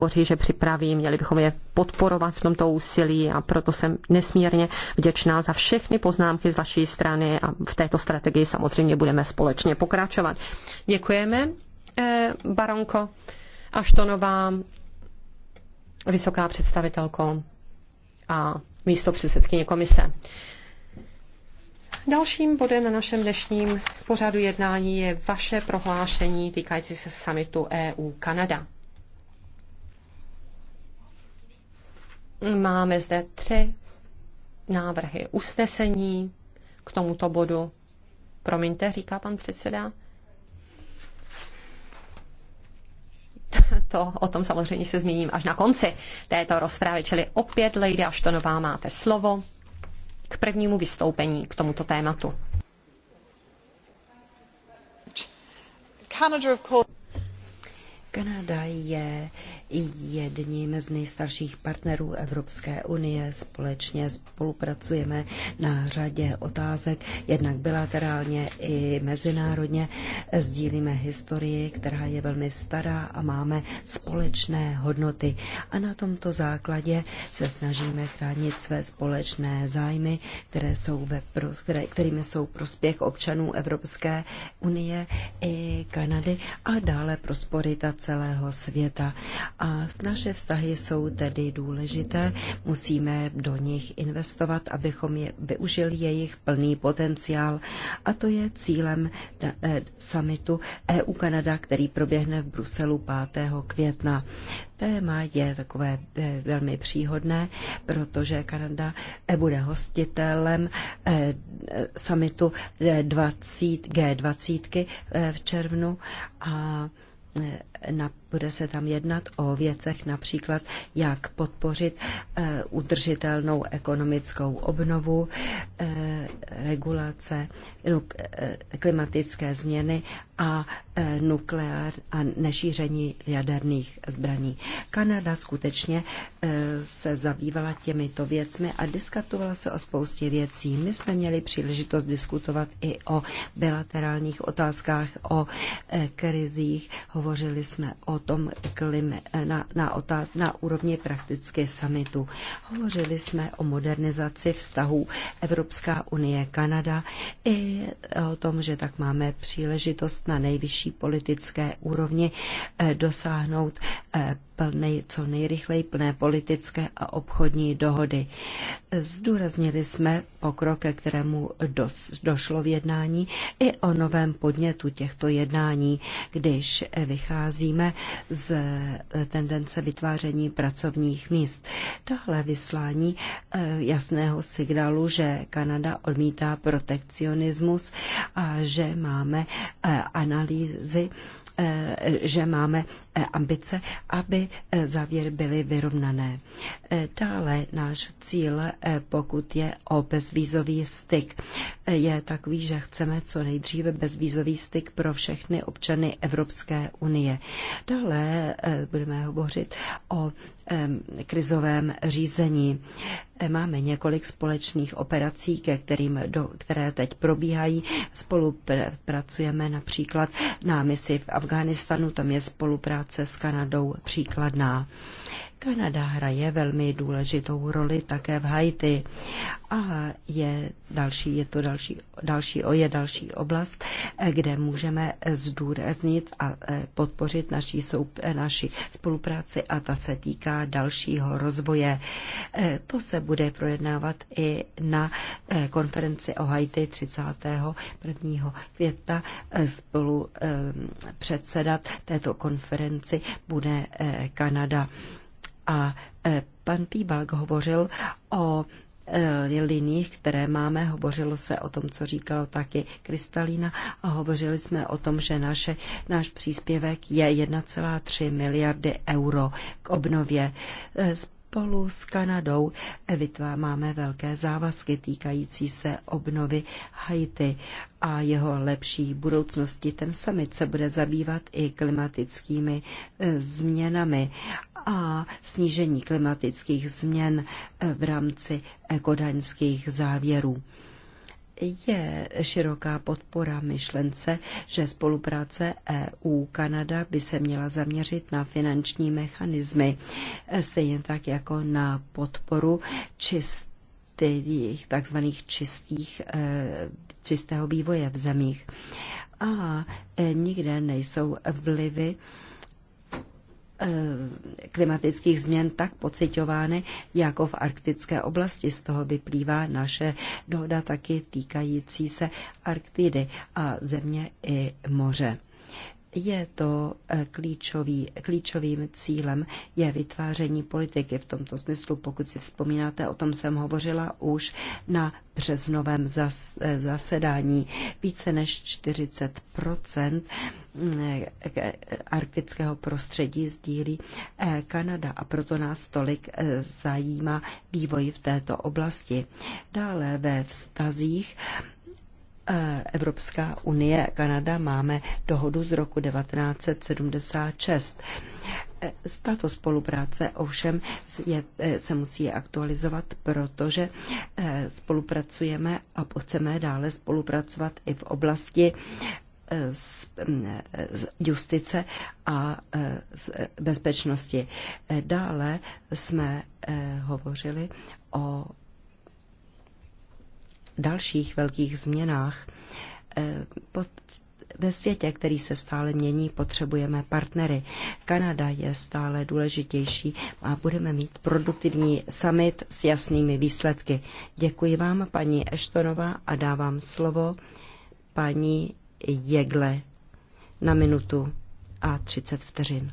hovoří, že připraví, měli bychom je podporovat v tomto úsilí a proto jsem nesmírně vděčná za všechny poznámky z vaší strany a v této strategii samozřejmě budeme společně pokračovat. Děkujeme, eh, baronko Aštonová, vysoká představitelko a místo předsedkyně komise. Dalším bodem na našem dnešním pořadu jednání je vaše prohlášení týkající se samitu EU-Kanada. Máme zde tři návrhy usnesení k tomuto bodu. Promiňte, říká pan předseda. To o tom samozřejmě se zmíním až na konci této rozprávy, čili opět, Lady Aštonová, máte slovo k prvnímu vystoupení k tomuto tématu. Kanada je jedním z nejstarších partnerů Evropské unie. Společně spolupracujeme na řadě otázek, jednak bilaterálně i mezinárodně. Sdílíme historii, která je velmi stará a máme společné hodnoty. A na tomto základě se snažíme chránit své společné zájmy, které jsou ve, které, kterými jsou prospěch občanů Evropské unie i Kanady a dále prosporita celého světa a naše vztahy jsou tedy důležité. Musíme do nich investovat, abychom je, využili jejich plný potenciál. A to je cílem eh, summitu EU-Kanada, který proběhne v Bruselu 5. května. Téma je takové eh, velmi příhodné, protože Kanada eh, bude hostitelem summitu G20 v červnu a na bude se tam jednat o věcech například, jak podpořit eh, udržitelnou ekonomickou obnovu, eh, regulace, no, eh, klimatické změny a nukleár a nešíření jaderných zbraní. Kanada skutečně se zabývala těmito věcmi a diskutovala se o spoustě věcí. My jsme měli příležitost diskutovat i o bilaterálních otázkách, o krizích, hovořili jsme o o tom klime, eh, na, na, otáz, na úrovni prakticky samitu. Hovořili jsme o modernizaci vztahů Evropská unie, Kanada i o tom, že tak máme příležitost na nejvyšší politické úrovni eh, dosáhnout eh, plnej, co nejrychleji plné politické a obchodní dohody. Zdůraznili jsme pokrok, ke kterému dos, došlo v jednání i o novém podnětu těchto jednání, když vycházíme z tendence vytváření pracovních míst. Dále vyslání eh, jasného signálu, že Kanada odmítá protekcionismus a že máme eh, analýzy eh, že máme Eh, ambice, aby eh, závěry byly vyrovnané. Eh, dále náš cíl, pokud je o bezvízový styk, je takový, že chceme co nejdříve bezvízový styk pro všechny občany Evropské unie. Dále budeme hovořit o krizovém řízení. Máme několik společných operací, ke kterým do, které teď probíhají. Spolupracujeme například na misi v Afghánistanu, tam je spolupráce spolupráce s Kanadou příkladná. Kanada hraje velmi důležitou roli také v Haiti a je, další, je to další, další, je další oblast, eh, kde můžeme zdůraznit a eh, podpořit naší, eh, naši spolupráci a ta se týká dalšího rozvoje. To se bude projednávat i na konferenci o Haiti 31. května. Spolu předsedat této konferenci bude Kanada. A e, pan Píbalk hovořil o e, liních, které máme. Hovořilo se o tom, co říkalo taky Kristalína a hovořili jsme o tom, že naše, náš příspěvek je 1,3 miliardy euro k obnově. Z e, Spolu s Kanadou Evitva máme velké závazky týkající se obnovy Haiti a jeho lepší budoucnosti. Ten summit se bude zabývat i klimatickými e, změnami a snížení klimatických změn e, v rámci ekodaňských závěrů je široká podpora myšlence, že spolupráce EU-Kanada by se měla zaměřit na finanční mechanismy, stejně tak jako na podporu čistých, takzvaných čistých, eh, čistého vývoje v zemích. A eh, nikde nejsou vlivy Eh, klimatických změn tak pocitovány, jako v arktické oblasti. Z toho vyplývá naše dohoda taky týkající se Arktidy a země i moře je to eh, klíčový, klíčovým cílem je vytváření politiky v tomto smyslu. Pokud si vzpomínáte, o tom jsem hovořila už na březnovém eh, zasedání. Více než 40 eh, arktického prostředí sdílí Kanada a proto nás tolik zajímá vývoj v této oblasti. Dále ve vztazích Eh, Evropská unie a Kanada máme dohodu z roku 1976. Eh, tato spolupráce ovšem je, eh, se musí aktualizovat, protože spolupracujeme a chceme dále spolupracovat i v oblasti z mm, justice a z bezpečnosti. Dále jsme hovořili o dalších velkých změnách. Eh, pod, ve světě, který se stále mění, potřebujeme partnery. Kanada je stále důležitější a budeme mít produktivní summit s jasnými výsledky. Děkuji vám, paní Eštonová, a dávám slovo paní Jegle na minutu a 30 vteřin.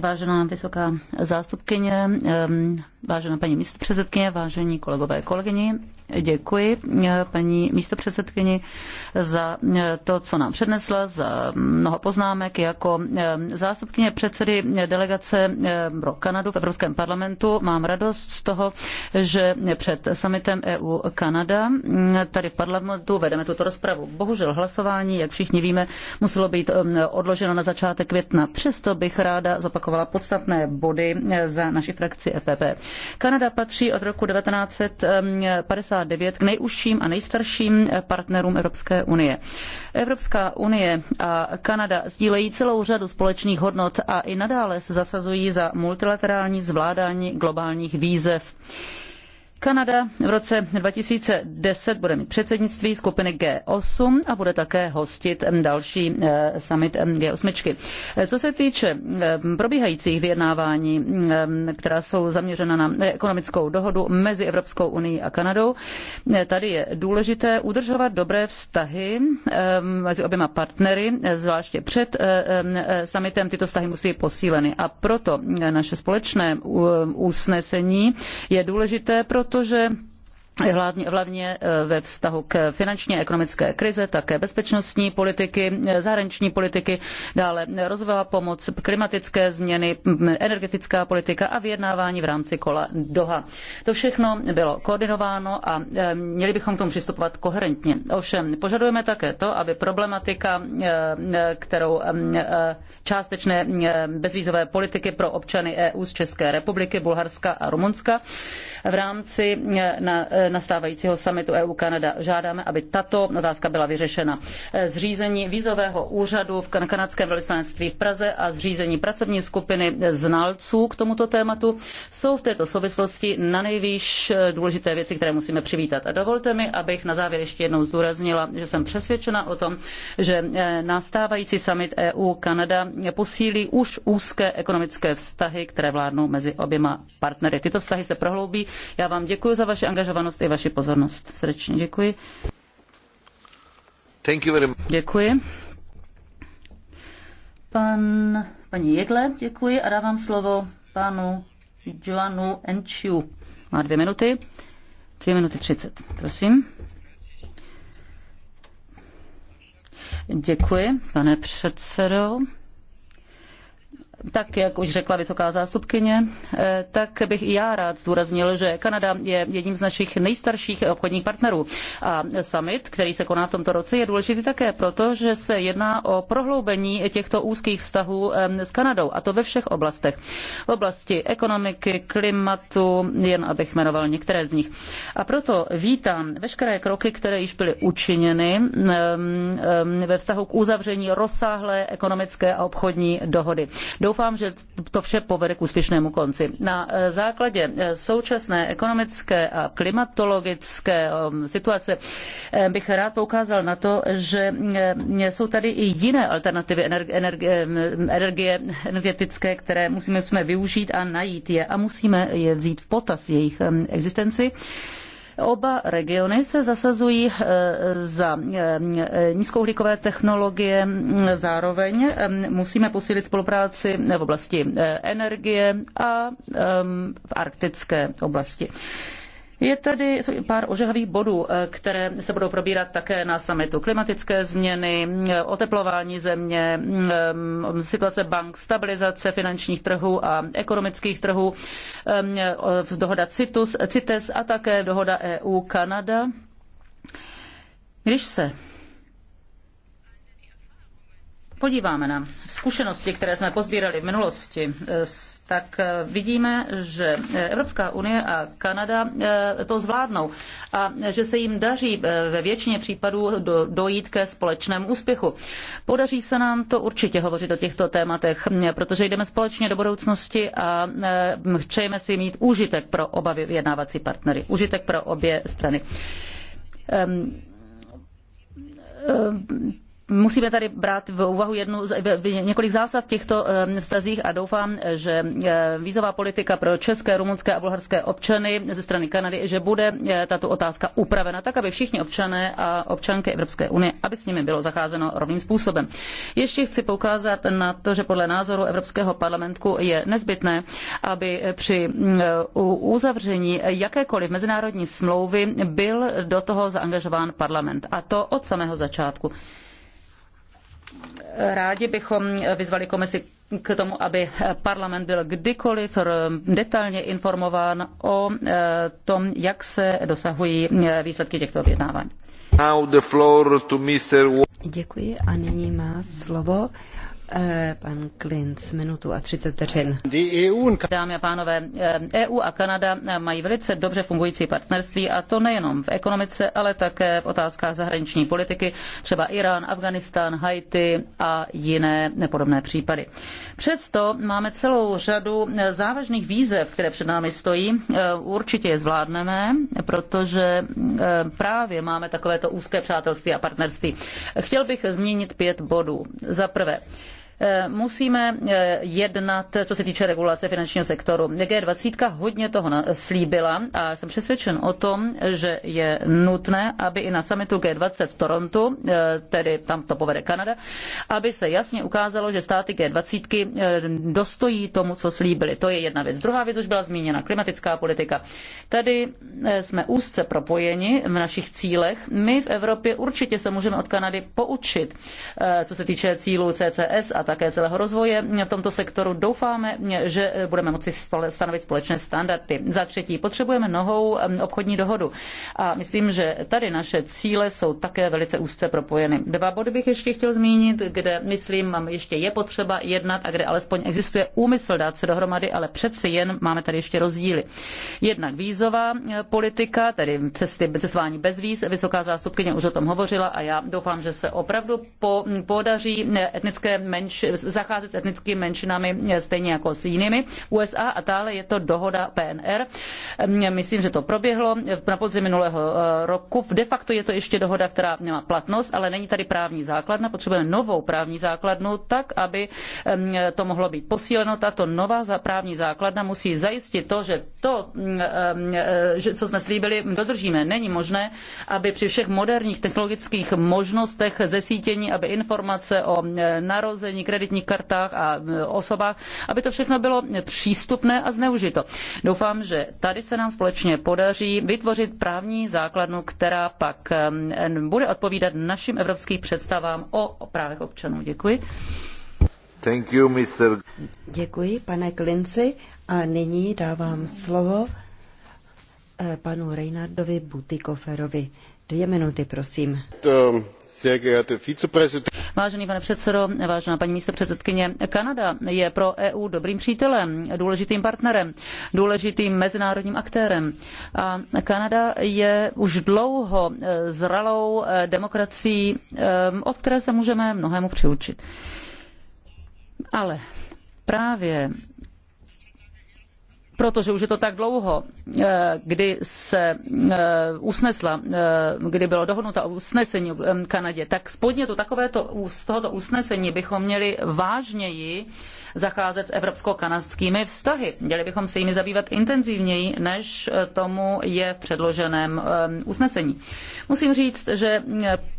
Vážená vysoká zástupkyně, vážená paní místopředsedkyně, vážení kolegové kolegyni, děkuji eh, paní místopředsedkyni za eh, to, co nám přednesla, za mnoho poznámek. Jako zástupkyně předsedy delegace pro Kanadu v Evropském parlamentu mám radost z toho, že před summitem EU-Kanada mm, tady v parlamentu vedeme tuto rozpravu. Bohužel hlasování, jak všichni víme, muselo být odloženo na začátek května. Přesto bych ráda zopakovala zopakovala podstatné body eh, za naši frakci EPP. Kanada patří od roku 1959 eh, k nejužším a nejstarším eh, partnerům Evropské unie. Evropská unie a Kanada sdílejí celou řadu společných hodnot a i nadále se zasazují za multilaterální zvládání globálních výzev. Kanada v roce 2010 bude mít předsednictví skupiny G8 a bude také hostit další eh, summit G8. Eh, co se týče eh, probíhajících vyjednávání, která jsou zaměřena na ekonomickou dohodu mezi Evropskou unii a Kanadou, tady je důležité udržovat dobré vztahy mezi oběma partnery, zvláště před summitem tyto vztahy musí být posíleny. A proto naše společné usnesení je důležité pro protože hlavně eh, ve vztahu k finanční a ekonomické krize, také bezpečnostní politiky, eh, zahraniční politiky, dále rozvojová pomoc, klimatické změny, energetická politika a vyjednávání v rámci kola Doha. To všechno bylo koordinováno a eh, měli bychom k tomu přistupovat koherentně. Ovšem, požadujeme také to, aby problematika, kterou částečné bezvízové politiky pro občany EU z České republiky, Bulharska a Rumunska v rámci na nastávajícího summitu EU-Kanada. Žádáme, aby tato otázka byla vyřešena. Zřízení vízového úřadu v kanadském velvyslanectví v Praze a zřízení pracovní skupiny znalců k tomuto tématu jsou v této souvislosti na nejvýš eh, důležité věci, které musíme přivítat. A dovolte mi, abych na závěr ještě jednou zdůraznila, že jsem přesvědčena o tom, že eh, nastávající summit EU-Kanada posílí už úzké ekonomické vztahy, které vládnou mezi oběma partnery. Tyto vztahy se prohloubí. Já vám děkuji za vaši angažovanost pozornost i vaši pozornost. Srdečně děkuji. Thank you very much. Děkuji. Pan, paní Jedle, děkuji a dávám slovo panu Joanu Enchiu. Má dvě minuty. Dvě minuty třicet, prosím. Děkuji, pane předsedo. Tak, jak už řekla vysoká zástupkyně, eh, tak bych i já rád zdůraznil, že Kanada je jedním z našich nejstarších obchodních partnerů. A summit, který se koná v tomto roce, je důležitý také proto, že se jedná o prohloubení těchto úzkých vztahů eh, s Kanadou, a to ve všech oblastech. V oblasti ekonomiky, klimatu, jen abych jmenoval některé z nich. A proto vítám veškeré kroky, které již byly učiněny eh, ve vztahu k uzavření rozsáhlé ekonomické a obchodní dohody. Do Doufám, že to vše povede k úspěšnému konci. Na eh, základě eh, současné ekonomické a klimatologické ehm, situace eh, bych rád poukázal na to, že jsou tady i jiné alternativy energie, ehm, energie energetické, které musíme, musíme využít a najít je a musíme je vzít v potaz jejich ehm, existenci. Oba regiony se zasazují eh, za eh, nízkouhlíkové technologie, eh, zároveň musíme posílit spolupráci v oblasti energie a v arktické oblasti. Je tady pár ožehavých bodů, eh, které se budou probírat také na summitu. Klimatické změny, eh, oteplování země, mm, eh, situace bank, stabilizace finančních trhů a ekonomických trhů, dohoda CITUS, CITES a také dohoda EU-Kanada. Když se podíváme na zkušenosti, které jsme pozbírali v minulosti, eh, tak eh, vidíme, že eh, Evropská unie a Kanada to zvládnou a že se jim daří ve většině případů dojít ke společnému úspěchu. Podaří se nám to určitě hovořit o těchto tématech, protože jdeme společně do budoucnosti a přejeme si mít užitek pro oba vyjednávací partnery, užitek pro obě strany. Um, um, Musíme tady brát v úvahu jednu, v několik zásad v těchto vztazích a doufám, že e, vízová politika pro české, rumunské a bulharské občany ze strany Kanady, že bude e, tato otázka upravena tak, aby všichni občané a občanky Evropské unie, aby s nimi bylo zacházeno rovným způsobem. Ještě chci poukázat na to, že podle názoru Evropského parlamentu je nezbytné, aby při uzavření jakékoliv mezinárodní smlouvy byl do toho zaangažován parlament. A to od samého začátku rádi bychom vyzvali komisi k tomu, aby parlament byl kdykoliv detailně informován o e, tom, jak se dosahují e, výsledky těchto vyjednávání. Děkuji a nyní má slovo Eh, pan Klinc, minutu a 30 vteřin. Dámy a pánové, EU eh, e a Kanada eh, mají velice dobře fungující partnerství a to nejenom v ekonomice, ale také v otázkách zahraniční politiky, třeba Irán, Afghánistán, Haiti a jiné podobné případy. Přesto máme celou řadu závažných výzev, které před námi stojí. Určitě je zvládneme, protože právě máme takovéto úzké přátelství a partnerství. Chtěl bych zmínit pět bodů. Za prvé, Eh, musíme eh, jednat, co se týče regulace finančního sektoru. G20 hodně toho slíbila a jsem přesvědčen o tom, že je nutné, aby i na summitu G20 v Torontu, eh, tedy tam to povede Kanada, aby se jasně ukázalo, že státy G20 dostojí tomu, co slíbili. To je jedna věc. Druhá věc už byla zmíněna, klimatická politika. Tady jsme úzce propojeni v našich cílech. My v Evropě určitě se můžeme od Kanady poučit, co se týče cílů CCS a také celého rozvoje v tomto sektoru. Doufáme, že budeme moci stanovit společné standardy. Za třetí, potřebujeme novou obchodní dohodu. A myslím, že tady naše cíle jsou také velice úzce propojeny. Dva body bych ještě chtěl zmínit, kde myslím, ještě je potřeba jednat a kde alespoň existuje úmysl dát se dohromady, ale přeci jen máme tady ještě rozdíly. Jednak vízová e, politika, tedy cesty, cestování bez víz, vysoká zástupkyně už o tom hovořila a já doufám, že se opravdu po, podaří e, etnické menšiny menš, zacházet s etnickými menšinami eh, stejně jako s jinými. USA a dále je to dohoda PNR. Myslím, že to proběhlo eh, na podzim minulého eh, roku. De facto je to ještě dohoda, která nemá platnost, ale není tady právní základna. Potřebujeme novou právní základnu tak, aby to mohlo být posíleno. Tato nová právní základna musí zajistit to, že to, mm, co jsme slíbili, dodržíme. Není možné, aby při všech moderních technologických možnostech zesítění, aby informace o narození, kreditních kartách a e, osobách, aby to všechno bylo přístupné a zneužito. Doufám, že tady se nám společně podaří vytvořit právní základnu, která pak e, bude odpovídat našim evropským představám o právech občanů. Děkuji. Thank you, Mr. Děkuji, pane Klinci. A nyní dávám slovo e, panu Reinardovi Butikoferovi. Dvě minuty, prosím. To... Vážený pane předsedo, vážená paní místopředsedkyně, Kanada je pro EU dobrým přítelem, důležitým partnerem, důležitým mezinárodním aktérem. A Kanada je už dlouho eh, zralou eh, demokracií, eh, od které se můžeme mnohému přiučit. Ale právě protože už je to tak dlouho, eh, kdy se eh, usnesla, eh, kdy bylo dohodnuto usnesení v Kanadě, tak spodně to takovéto, z tohoto usnesení bychom měli vážněji zacházet s evropsko-kanadskými vztahy. Měli bychom se jimi zabývat intenzivněji, než tomu je v předloženém um, usnesení. Musím říct, že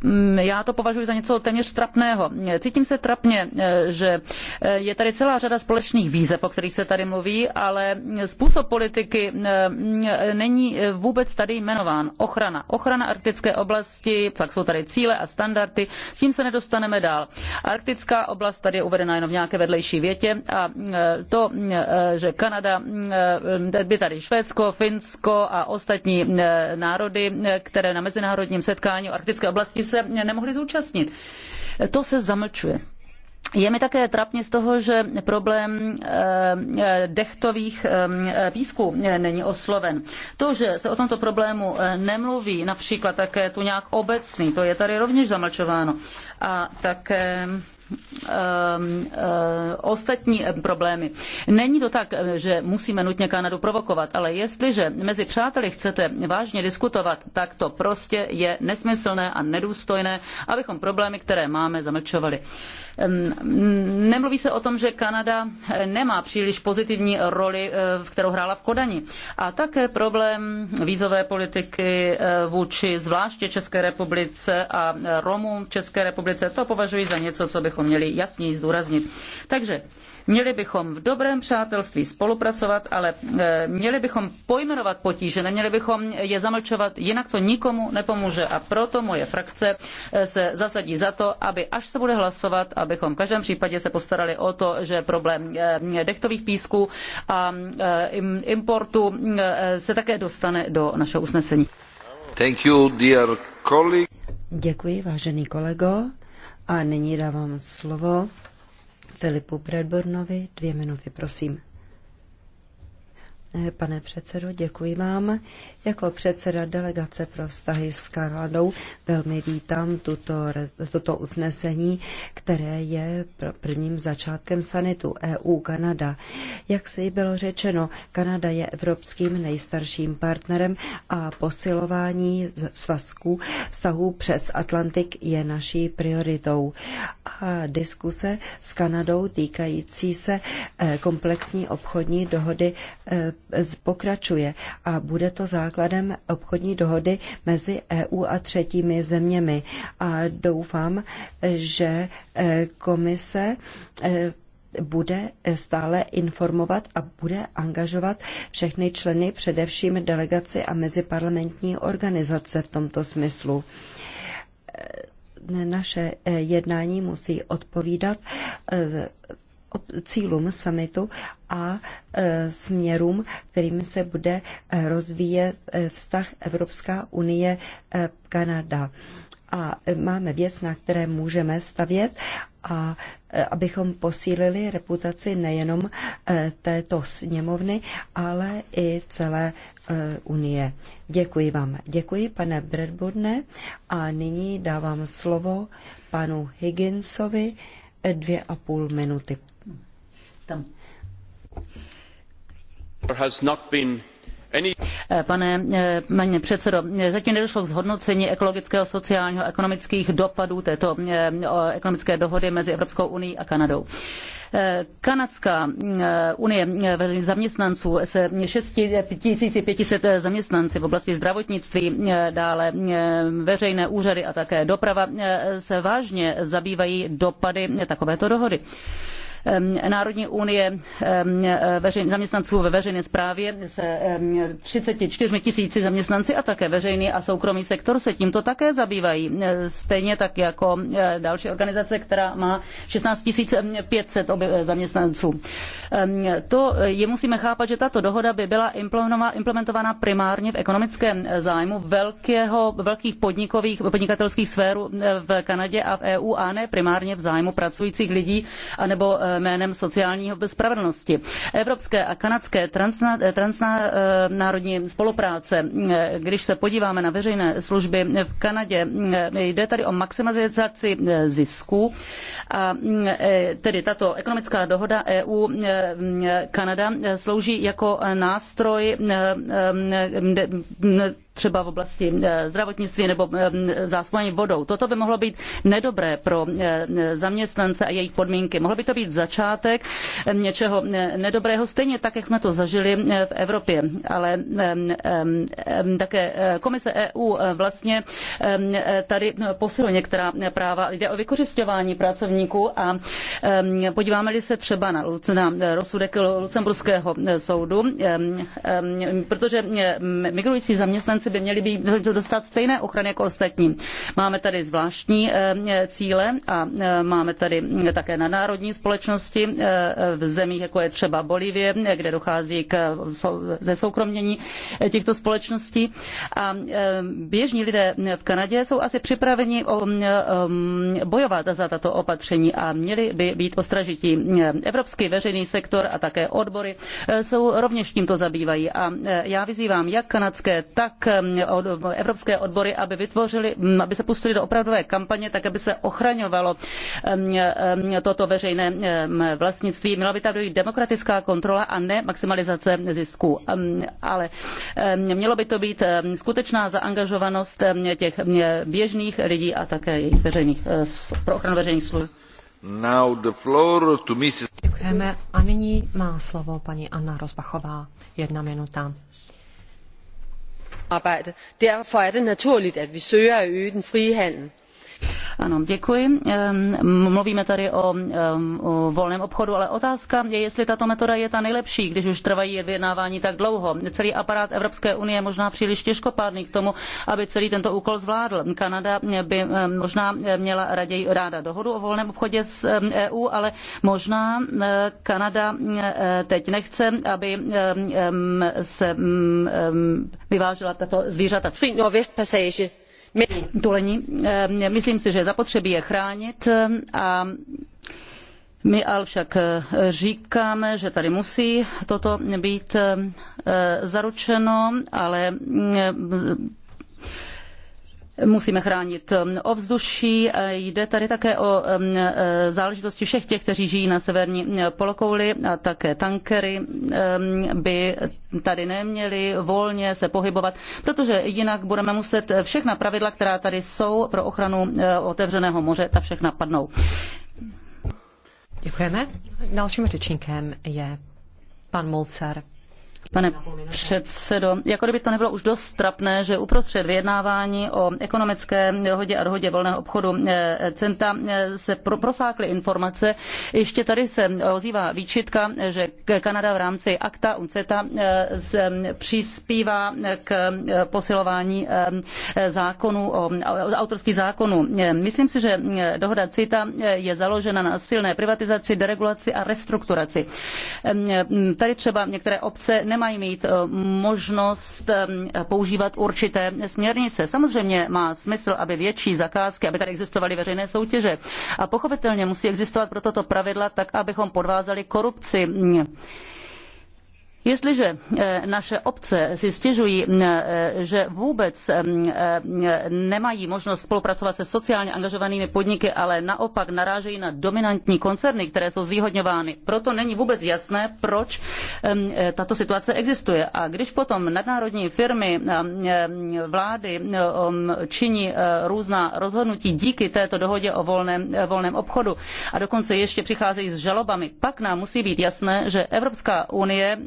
mm, já to považuji za něco téměř trapného. Cítím se trapně, eh, že eh, je tady celá řada společných výzev, o kterých se tady mluví, ale způsob politiky eh, mm, není vůbec tady jmenován. Ochrana. Ochrana arktické oblasti, tak jsou tady cíle a standardy, tím se nedostaneme dál. Arktická oblast tady je uvedena jenom v nějaké vedlejší větě, světě prostě a e, to, e, že Kanada, e, by tady Švédsko, Finsko a ostatní národy, které na mezinárodním setkání o arktické oblasti se nemohly zúčastnit. To se zamlčuje. Je mi také trapně z toho, že problém dechtových písků není osloven. To, že se o tomto problému nemluví, například také tu nějak obecný, to je tady rovněž zamlčováno. A také Um, um, ostatní eh, problémy. Není to tak, eh, že musíme nutně Kanadu provokovat, ale jestliže mezi přáteli chcete vážně diskutovat, tak to prostě je nesmyslné a nedůstojné, abychom problémy, které máme, zamlčovali. Nemluví se o tom, že Kanada eh, nemá příliš pozitivní roli, kterou hrála v Kodani. A také problém vízové politiky vůči zvláště České republice a Romům v České republice, to považuji za něco, co bychom bychom měli jasněji zdůraznit. Takže Měli bychom v dobrém přátelství spolupracovat, ale e, měli bychom pojmenovat potíže, neměli bychom je zamlčovat, jinak to nikomu nepomůže. A proto moje frakce e, se zasadí za to, aby až se bude hlasovat, abychom v každém případě se postarali o to, že problém e, dechtových písků a importu se také dostane do našeho usnesení. Thank you, dear colleague. Děkuji, vážený kolego. A nyní dávám slovo Filipu Bradbornovi. Dvě minuty, prosím. Eh, pane předsedo, děkuji vám. Jako předseda delegace pro vztahy s Kanadou velmi vítám tuto, toto usnesení, které je prvním začátkem sanitu EU-Kanada. Jak se jí bylo řečeno, Kanada je evropským nejstarším partnerem a posilování svazků vztahů přes Atlantik je naší prioritou. A diskuse s Kanadou týkající se eh, komplexní obchodní dohody eh, pokračuje a bude to základem obchodní dohody mezi EU a třetími zeměmi. A doufám, že e, komise e, bude stále informovat a bude angažovat všechny členy, především delegaci a meziparlamentní organizace v tomto smyslu e, naše jednání musí odpovídat cílům summitu a e, směrům, kterým se bude e, rozvíjet e, vztah Evropská unie Kanada. A máme věc, na které můžeme stavět a abychom posílili reputaci nejenom této sněmovny, ale i celé Unie. Děkuji vám. Děkuji, pane Bradburne. A nyní dávám slovo panu Higginsovi, dvě a půl minuty. Tam. Eh, pane, eh, předsedající, předsedo, eh, zatím nedošlo k zhodnocení ekologického, sociálního a ekonomických dopadů této ekonomické dohody mezi Evropskou unií a Kanadou. Kanadská unie zaměstnanců se 6500 zaměstnanci v oblasti zdravotnictví, dále veřejné úřady a také doprava se vážně zabývají dopady takovéto dohody. Národní unie zaměstnanců ve veřejné správě s 34 tisíci zaměstnanci a také veřejný a soukromý sektor se tímto také zabývají. E, stejně tak jako e, další organizace, která má 16 500 e, zaměstnanců. To je musíme chápat, že tato dohoda by byla implementována primárně v ekonomickém zájmu velkého, velkých podnikových, podnikatelských sfér v Kanadě a v EU a ne primárně v zájmu pracujících lidí anebo jménem sociálního spravedlnosti. Evropské a kanadské transnárodní spolupráce, když se podíváme na veřejné služby v Kanadě, jde tady o maximalizaci zisků a tedy tato ekonomická dohoda EU-Kanada slouží jako nástroj třeba v oblasti eh, zdravotnictví nebo eh, zásobování vodou. Toto by mohlo být nedobré pro eh, zaměstnance a jejich podmínky. Mohlo by to být začátek něčeho nedobrého, stejně tak, jak jsme to zažili v Evropě. Ale také komise EU vlastně tady posiluje některá práva. Jde o vykořišťování pracovníků a podíváme-li se třeba na, na rozsudek Lucemburského soudu, protože migrující zaměstnanci zemědělci by měli být dostat stejné ochrany jako ostatní. Máme tady zvláštní eh, cíle a eh, máme tady také na národní společnosti eh, v zemích, jako je třeba Bolívie, kde dochází k zesoukromnění těchto společností. A běžní lidé v Kanadě jsou asi připraveni mm, mm, bojovat za tato opatření a měli by být ostražití. Evropský veřejný sektor a také odbory jsou rovněž tímto zabývají. A já vyzývám jak kanadské, tak Eh, eh, evropské odbory, aby vytvořili, mm, aby se pustili do opravdové kampaně, tak aby se ochraňovalo ehm, ehm, toto veřejné ehm, vlastnictví. Měla by tam být demokratická kontrola a ne maximalizace zisků. Ale mělo by to být skutečná zaangažovanost těch běžných lidí a také jejich veřejných, eh, pro ochranu veřejných služeb. Now the floor to Mrs. Děkujeme a nyní má slovo paní Anna Rozbachová. Jedna minuta arbejde derfor er det naturligt at vi søger at øge den frie handel. Ano, děkuji. Mluvíme tady o, o volném obchodu, ale otázka je, jestli tato metoda je ta nejlepší, když už trvají vyjednávání tak dlouho. Celý aparát Evropské unie je možná příliš těžkopádný k tomu, aby celý tento úkol zvládl. Kanada by možná měla raději ráda dohodu o volném obchodě s EU, e ale možná Kanada teď nechce, aby se vyvážela tato zvířata. Eh, myslím si, že zapotřebí je chránit eh, a my ale však eh, říkáme, že tady musí toto být zaručeno, ale mm, musíme chránit um, ovzduší. Jde tady také o um, e, záležitosti všech těch, kteří žijí na severní e, polokouli a také tankery um, by tady neměli volně se pohybovat, protože jinak budeme muset všechna pravidla, která tady jsou pro ochranu e, otevřeného moře, ta všechna padnou. Děkujeme. Dalším řečníkem je pan Molcer. Pane předsedo, jako kdyby to nebylo už dost trapné, že uprostřed vyjednávání o ekonomické dohodě a dohodě volného obchodu eh, centa eh, se pro, prosákly informace. Ještě tady se ozývá výčitka, že Kanada v rámci akta UNCETA eh, přispívá k posilování zákonů, autorských zákonů. Myslím si, že dohoda CETA je založena na silné privatizaci, deregulaci a restrukturaci. Tady třeba některé obce nemají mít eh, možnost eh, používat určité směrnice. Samozřejmě má smysl, aby větší zakázky, aby tady existovaly veřejné soutěže. A pochopitelně musí existovat pro toto pravidla tak, abychom podvázali korupci. Jestliže eh, naše obce si stěžují, eh, že vůbec eh, nemají možnost spolupracovat se sociálně angažovanými podniky, ale naopak narážejí na dominantní koncerny, které jsou zvýhodňovány, proto není vůbec jasné, proč tato situace existuje. A když potom nadnárodní firmy vlády činí různá rozhodnutí díky této dohodě o volném, volném obchodu a dokonce ještě přicházejí s žalobami, pak nám musí být jasné, že Evropská unie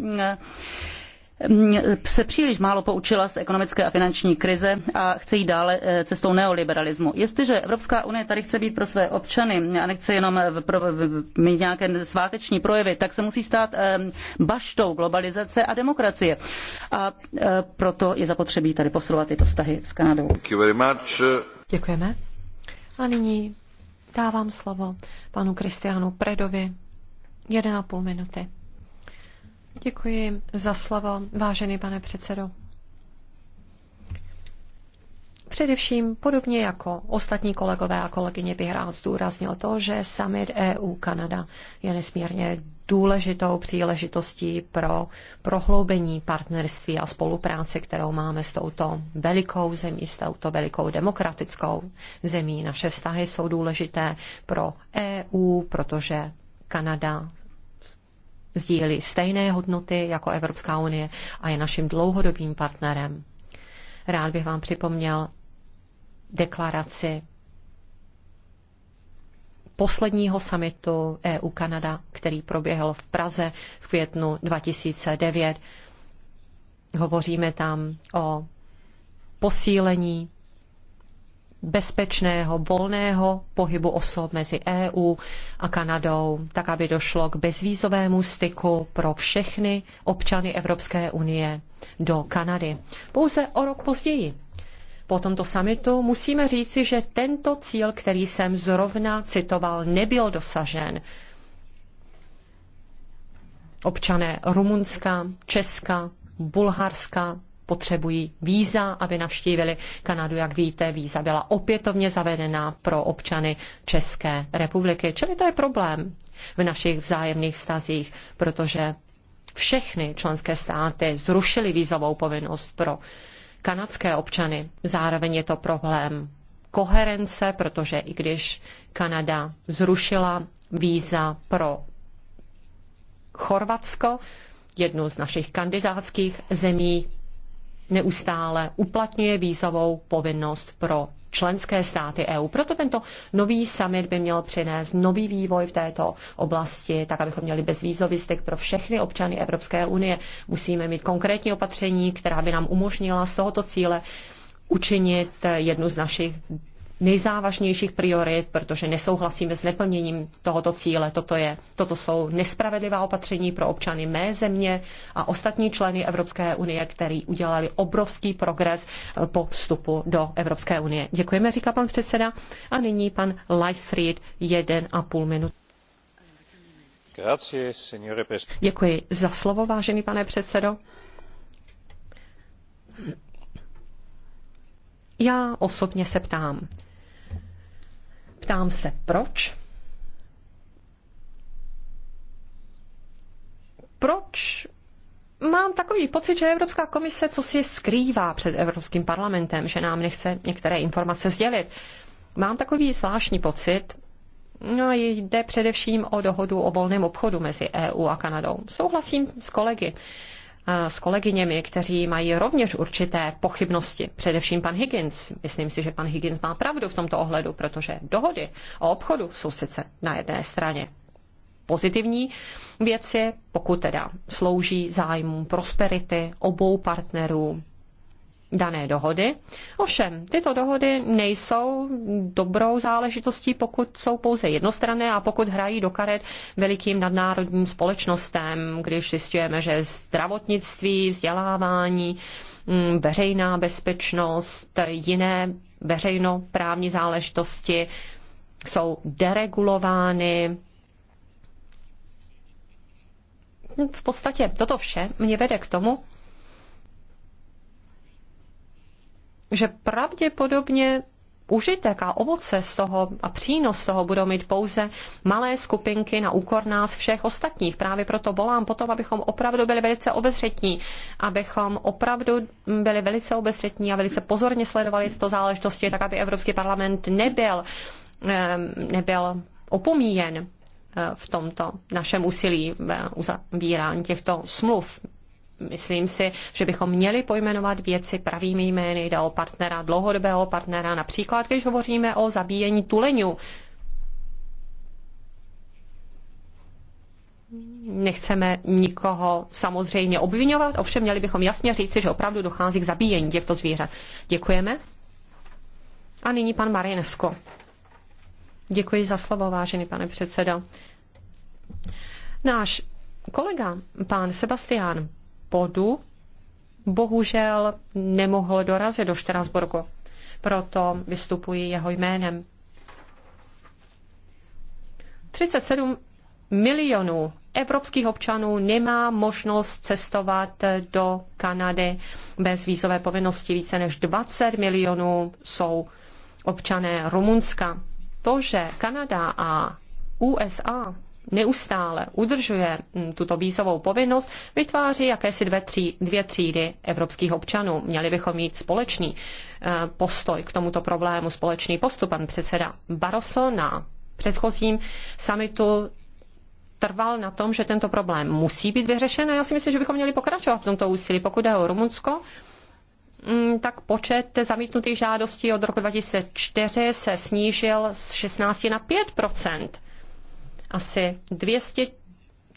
Mm, se příliš málo poučila z ekonomické a finanční krize a chce jít dále eh, cestou neoliberalismu. Jestliže Evropská unie tady chce být pro své občany a nechce jenom eh, mít nějaké sváteční projevy, tak se musí stát eh, baštou globalizace a demokracie. A proto je zapotřebí tady posilovat tyto vztahy s Kanadou. Děkujeme. A nyní dávám slovo panu Kristianu Predovi. 1,5 minuty. Děkuji za slovo, vážený pane předsedo. Především, podobně jako ostatní kolegové a kolegyně, bych rád zdůraznil to, že summit EU-Kanada je nesmírně důležitou příležitostí pro prohloubení partnerství a spolupráce, kterou máme s touto velikou zemí, s touto velikou demokratickou zemí. Naše vztahy jsou důležité pro EU, protože Kanada sdílí stejné hodnoty jako Evropská unie a je naším dlouhodobým partnerem. Rád bych vám připomněl deklaraci posledního samitu EU-Kanada, který proběhl v Praze v květnu 2009. Hovoříme tam o posílení bezpečného, volného pohybu osob mezi EU a Kanadou, tak aby došlo k bezvízovému styku pro všechny občany Evropské unie do Kanady. Pouze o rok později, po tomto samitu, musíme říci, že tento cíl, který jsem zrovna citoval, nebyl dosažen. Občané Rumunska, Česka, Bulharska, potřebují víza, aby navštívili Kanadu. Jak víte, víza byla opětovně zavedena pro občany České republiky. Čili to je problém v našich vzájemných vztazích, protože všechny členské státy zrušily vízovou povinnost pro kanadské občany. Zároveň je to problém koherence, protože i když Kanada zrušila víza pro Chorvatsko, jednu z našich kandidátských zemí, neustále uplatňuje vízovou povinnost pro členské státy EU. Proto tento nový summit by měl přinést nový vývoj v této oblasti, tak abychom měli bezvízový styk pro všechny občany Evropské unie. Musíme mít konkrétní opatření, která by nám umožnila z tohoto cíle učinit jednu z našich nejzávažnějších priorit, protože nesouhlasíme s neplněním tohoto cíle. Toto, je, toto jsou nespravedlivá opatření pro občany mé země a ostatní členy Evropské unie, který udělali obrovský progres eh, po vstupu do Evropské unie. Děkujeme, říká pan předseda. A nyní pan Leisfried, jeden a půl minut. Děkuji za slovo, vážený pane předsedo. Já osobně se ptám, Ptám se, proč? Proč mám takový pocit, že Evropská komise co si skrývá před Evropským parlamentem, že nám nechce některé informace sdělit. Mám takový zvláštní pocit, no, jde především o dohodu o volném obchodu mezi EU a Kanadou. Souhlasím s kolegy, Eh, s kolegyněmi, kteří mají rovněž určité pochybnosti. Především pan Higgins. Myslím si, že pan Higgins má pravdu v tomto ohledu, protože dohody o obchodu jsou sice na jedné straně pozitivní věci, pokud teda slouží zájmům prosperity obou partnerů, dané dohody. Ovšem, tyto dohody nejsou dobrou záležitostí, pokud jsou pouze jednostranné a pokud hrají do karet velikým nadnárodním společnostem, když zjistujeme, že zdravotnictví, vzdělávání, mm, veřejná bezpečnost, jiné veřejnoprávní záležitosti jsou deregulovány. V podstatě toto vše mě vede k tomu, že pravděpodobně užitek a ovoce z toho a přínos z toho budou mít pouze malé skupinky na úkor nás všech ostatních. Právě proto volám potom, abychom opravdu byli velice obezřetní, abychom opravdu byli velice obezřetní a velice pozorně sledovali tyto záležitosti, tak aby Evropský parlament nebyl, nebyl opomíjen eh, v tomto našem úsilí v eh, uzavírání těchto smluv myslím si, že bychom měli pojmenovat věci pravými jmény, jde o partnera, dlouhodobého partnera, například když hovoříme o zabíjení tuleňů. Nechceme nikoho samozřejmě obvinovat, ovšem měli bychom jasně říci, že opravdu dochází k zabíjení těchto zvířat. Děkujeme. A nyní pan Marinesko. Děkuji za slovo, vážený pane předsedo. Náš kolega, pán Sebastián bodu bohužel nemohl dorazit do Štrasburgu. Proto vystupuji jeho jménem. 37 milionů evropských občanů nemá možnost cestovat do Kanady bez vízové povinnosti. Více než 20 milionů jsou občané Rumunska. To, že Kanada a USA neustále udržuje mm, tuto vízovou povinnost, vytváří jakési dvě, tří, dvě třídy evropských občanů. Měli bychom mít společný eh, postoj k tomuto problému, společný postup. Pan předseda Barroso na předchozím samitu trval na tom, že tento problém musí být vyřešen a já si myslím, že bychom měli pokračovat v tomto úsilí. Pokud je o Rumunsko, mm, tak počet zamítnutých žádostí od roku 2004 se snížil z 16 na 5 asi 200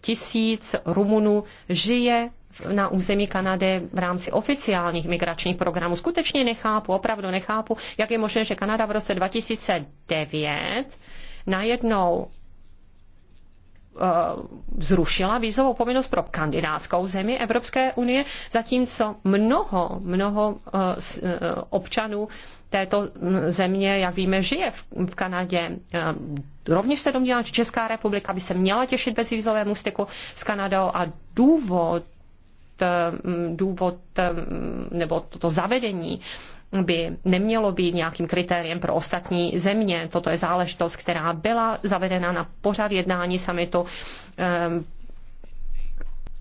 tisíc Rumunů žije na území Kanady v rámci oficiálních migračních programů. Skutečně nechápu, opravdu nechápu, jak je možné, že Kanada v roce 2009 najednou eh, zrušila vízovou povinnost pro kandidátskou zemi Evropské unie, zatímco mnoho, mnoho eh, eh, občanů této mm, země, jak víme, žije v Kanadě rovněž se domnívám, že Česká republika by se měla těšit bezvízovému styku s Kanadou a důvod, mm, důvod mm, nebo toto zavedení by nemělo být nějakým kritériem pro ostatní země. Toto je záležitost, která byla zavedena na pořad jednání samitu mm,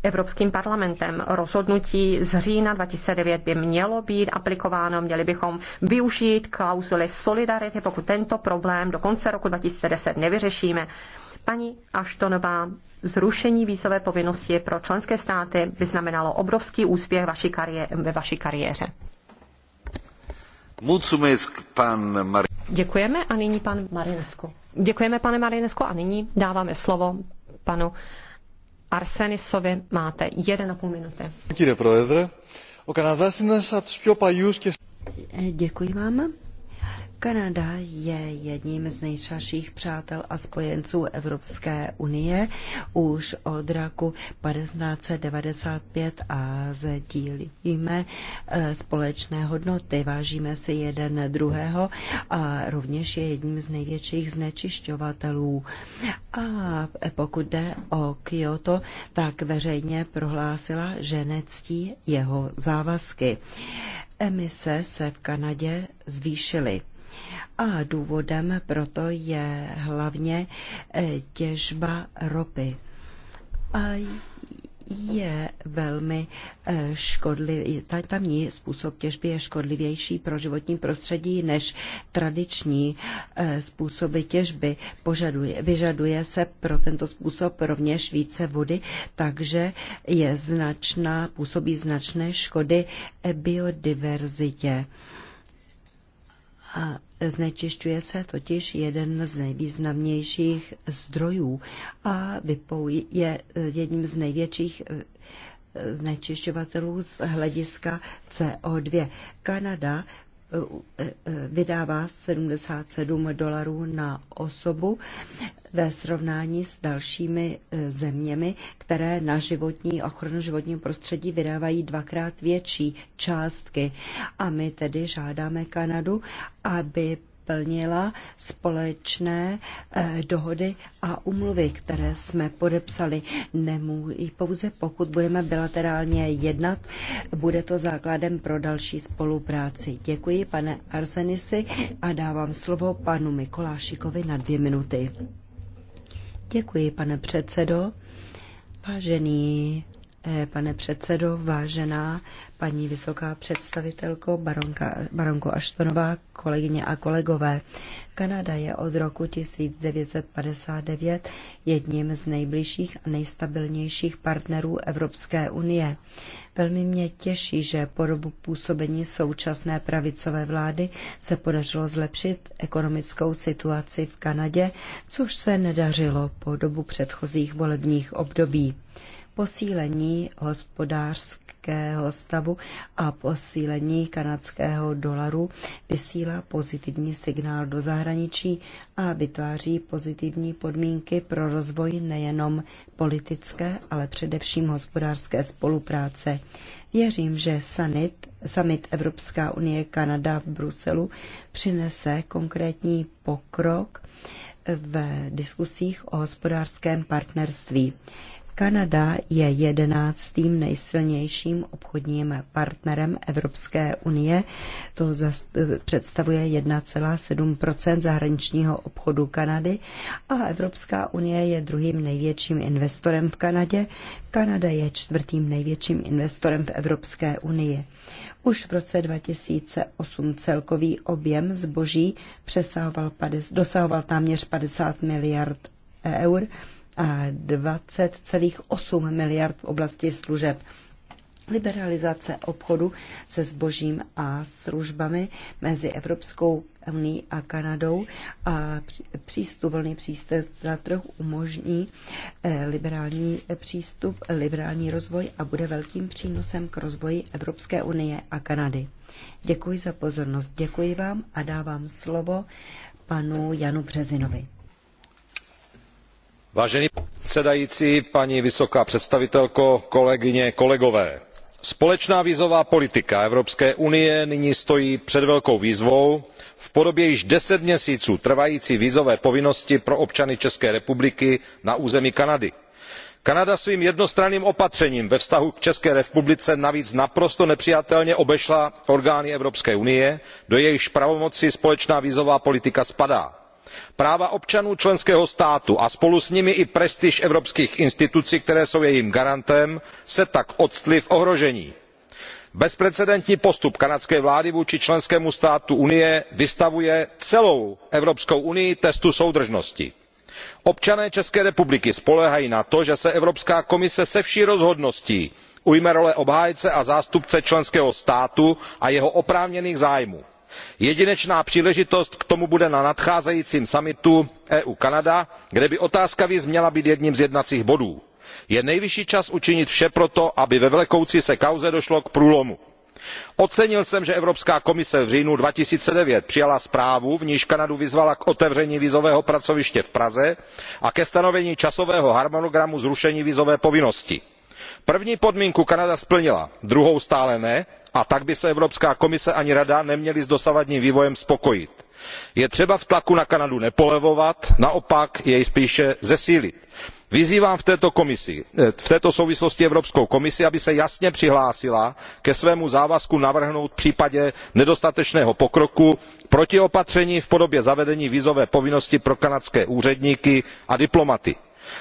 Evropským parlamentem. Rozhodnutí z října 2009 by mělo být aplikováno, měli bychom využít klauzuly solidarity, pokud tento problém do konce roku 2010 nevyřešíme. Paní Aštonová, zrušení vízové povinnosti pro členské státy by znamenalo obrovský úspěch vaší karié- ve vaší kariéře. Děkujeme a nyní pan Marinesku. Děkujeme, pane Marinesku, a nyní dáváme slovo panu Arsenisovi máte 1,5 minuty. Děkuji vám. Kanada je jedním z nejširších přátel a spojenců Evropské unie už od roku 1595 a sdílíme eh, společné hodnoty, vážíme si jeden druhého a rovněž je jedním z největších znečišťovatelů. A pokud jde o Kyoto, tak veřejně prohlásila, že nectí jeho závazky. Emise se v Kanadě zvýšily. A důvodem proto je hlavně eh, těžba ropy. A je velmi eh, škodlivý. Tamní způsob těžby je škodlivější pro životní prostředí než tradiční eh, způsoby těžby. Požaduje, vyžaduje se pro tento způsob rovněž více vody, takže je značná, působí značné škody biodiverzitě. A znečišťuje se totiž jeden z nejvýznamnějších zdrojů a je eh, jedním z největších eh, eh, znečišťovatelů z hlediska CO2. Kanada vydává 77 dolarů na osobu ve srovnání s dalšími eh, zeměmi, které na životní ochranu životního prostředí vydávají dvakrát větší částky. A my tedy žádáme Kanadu, aby plnila společné eh, dohody a umluvy, které jsme podepsali. Nemůj, pouze pokud budeme bilaterálně jednat, bude to základem pro další spolupráci. Děkuji, pane Arsenisi, a dávám slovo panu Mikolášikovi na dvě minuty. Děkuji, pane předsedo. Vážený Eh, pane předsedo, vážená paní vysoká představitelko, baronka, baronko Aštonová, kolegyně a kolegové. Kanada je od roku 1959 jedním z nejbližších a nejstabilnějších partnerů Evropské unie. Velmi mě těší, že po dobu působení současné pravicové vlády se podařilo zlepšit ekonomickou situaci v Kanadě, což se nedařilo po dobu předchozích volebních období posílení hospodářského stavu a posílení kanadského dolaru vysílá pozitivní signál do zahraničí a vytváří pozitivní podmínky pro rozvoj nejenom politické, ale především hospodářské spolupráce. Věřím, že summit, summit Evropská unie Kanada v Bruselu přinese konkrétní pokrok v diskusích o hospodářském partnerství. Kanada je jedenáctým nejsilnějším obchodním partnerem Evropské unie. To eh, představuje 1,7 zahraničního obchodu Kanady a Evropská unie je druhým největším investorem v Kanadě. Kanada je čtvrtým největším investorem v Evropské unii. Už v roce 2008 celkový objem zboží přesahoval, dosahoval téměř 50 miliard eur a 20,8 miliard v oblasti služeb. Liberalizace obchodu se zbožím a službami mezi Evropskou unii a Kanadou a přístup, volný přístup na trh umožní eh, liberální přístup, liberální rozvoj a bude velkým přínosem k rozvoji Evropské unie a Kanady. Děkuji za pozornost, děkuji vám a dávám slovo panu Janu Březinovi vážený pane předsedající paní vysoká představitelko kolegyně kolegové společná vízová politika evropské unie nyní stojí před velkou výzvou v podobě již deset měsíců trvající vízové povinnosti pro občany české republiky na území kanady. kanada svým jednostranným opatřením ve vztahu k české republice navíc naprosto nepřijatelně obešla orgány evropské unie do jejichž pravomoci společná vízová politika spadá práva občanů členského státu a spolu s nimi i prestiž evropských institucí které jsou jejich garantem se tak octly v ohrožení. bezprecedentní postup kanadské vlády vůči členskému státu unie vystavuje celou evropskou unii testu soudržnosti. občané české republiky spoléhají na to že se evropská komise se vší rozhodností ujme role obhájce a zástupce členského státu a jeho oprávněných zájmů jedinečná příležitost k tomu bude na nadcházejícím summitu eu kanada kde by otázka víz měla být jedním z jednacích bodů. je nejvyšší čas učinit vše pro to aby ve vlekoucí se kauze došlo k průlomu. ocenil jsem že evropská komise v říjnu two thousand and nine přijala zprávu v níž kanadu vyzvala k otevření vízového pracoviště v praze a ke stanovení časového harmonogramu zrušení vízové povinnosti. první podmínku kanada splnila druhou stále ne a tak by se evropská komise ani rada neměly s dosavadním vývojem spokojit. je třeba v tlaku na kanadu nepolevovat naopak jej spíše zesílit. vyzývám eh, v této souvislosti evropskou komisi aby se jasně přihlásila ke svému závazku navrhnout v případě nedostatečného pokroku protiopatření v podobě zavedení vízové povinnosti pro kanadské úředníky a diplomaty.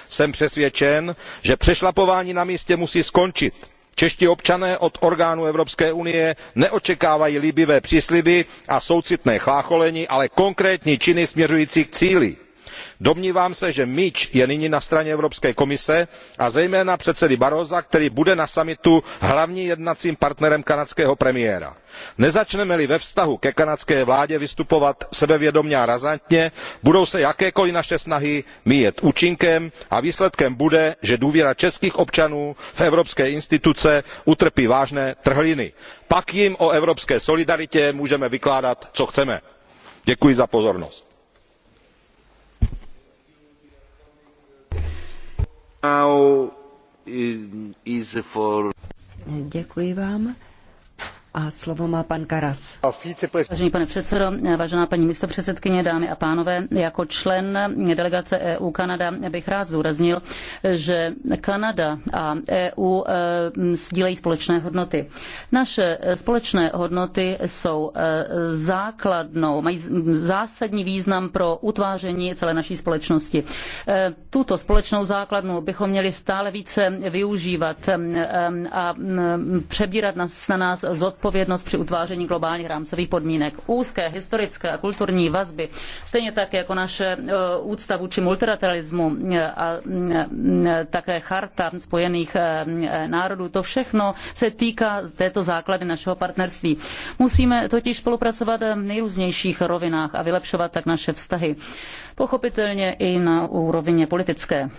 jsem přesvědčen že přešlapování na místě musí skončit čeští občané od orgánů evropské unie neočekávají líbivé přísliby a soucitné chlácholení ale konkrétní činy směřující k cíli domnívám se že míč je nyní na straně evropské komise a zejména předsedy barrosa který bude na summitu hlavním jednacím partnerem kanadského premiéra. nezačneme li ve vztahu ke kanadské vládě vystupovat sebevědomě a razantně budou se jakékoli naše snahy míjet účinkem a výsledkem bude že důvěra českých občanů v evropské instituce utrpí vážné trhliny. pak jim o evropské solidaritě můžeme vykládat co chceme. děkuji za pozornost. Eh, Děkuji vám. A slovo má pan Karas. Vážený pane předsedo, vážená paní místopředsedkyně, dámy a pánové, jako člen delegace EU Kanada bych rád zúraznil, že Kanada a EU eh, sdílejí společné hodnoty. Naše společné hodnoty jsou eh, základnou, mají zásadní význam pro utváření celé naší společnosti. Eh, tuto společnou základnu bychom měli stále více využívat a mm, přebírat na nás zodpovědnost odpovědnost při utváření globálních rámcových podmínek. Úzké historické a kulturní vazby, stejně tak jako naše e, úcta vůči multilateralismu e, a e, také charta spojených národů, to všechno se týká této základy našeho partnerství. Musíme totiž spolupracovat v nejrůznějších rovinách a vylepšovat tak naše vztahy. Pochopitelně i na úrovině politické.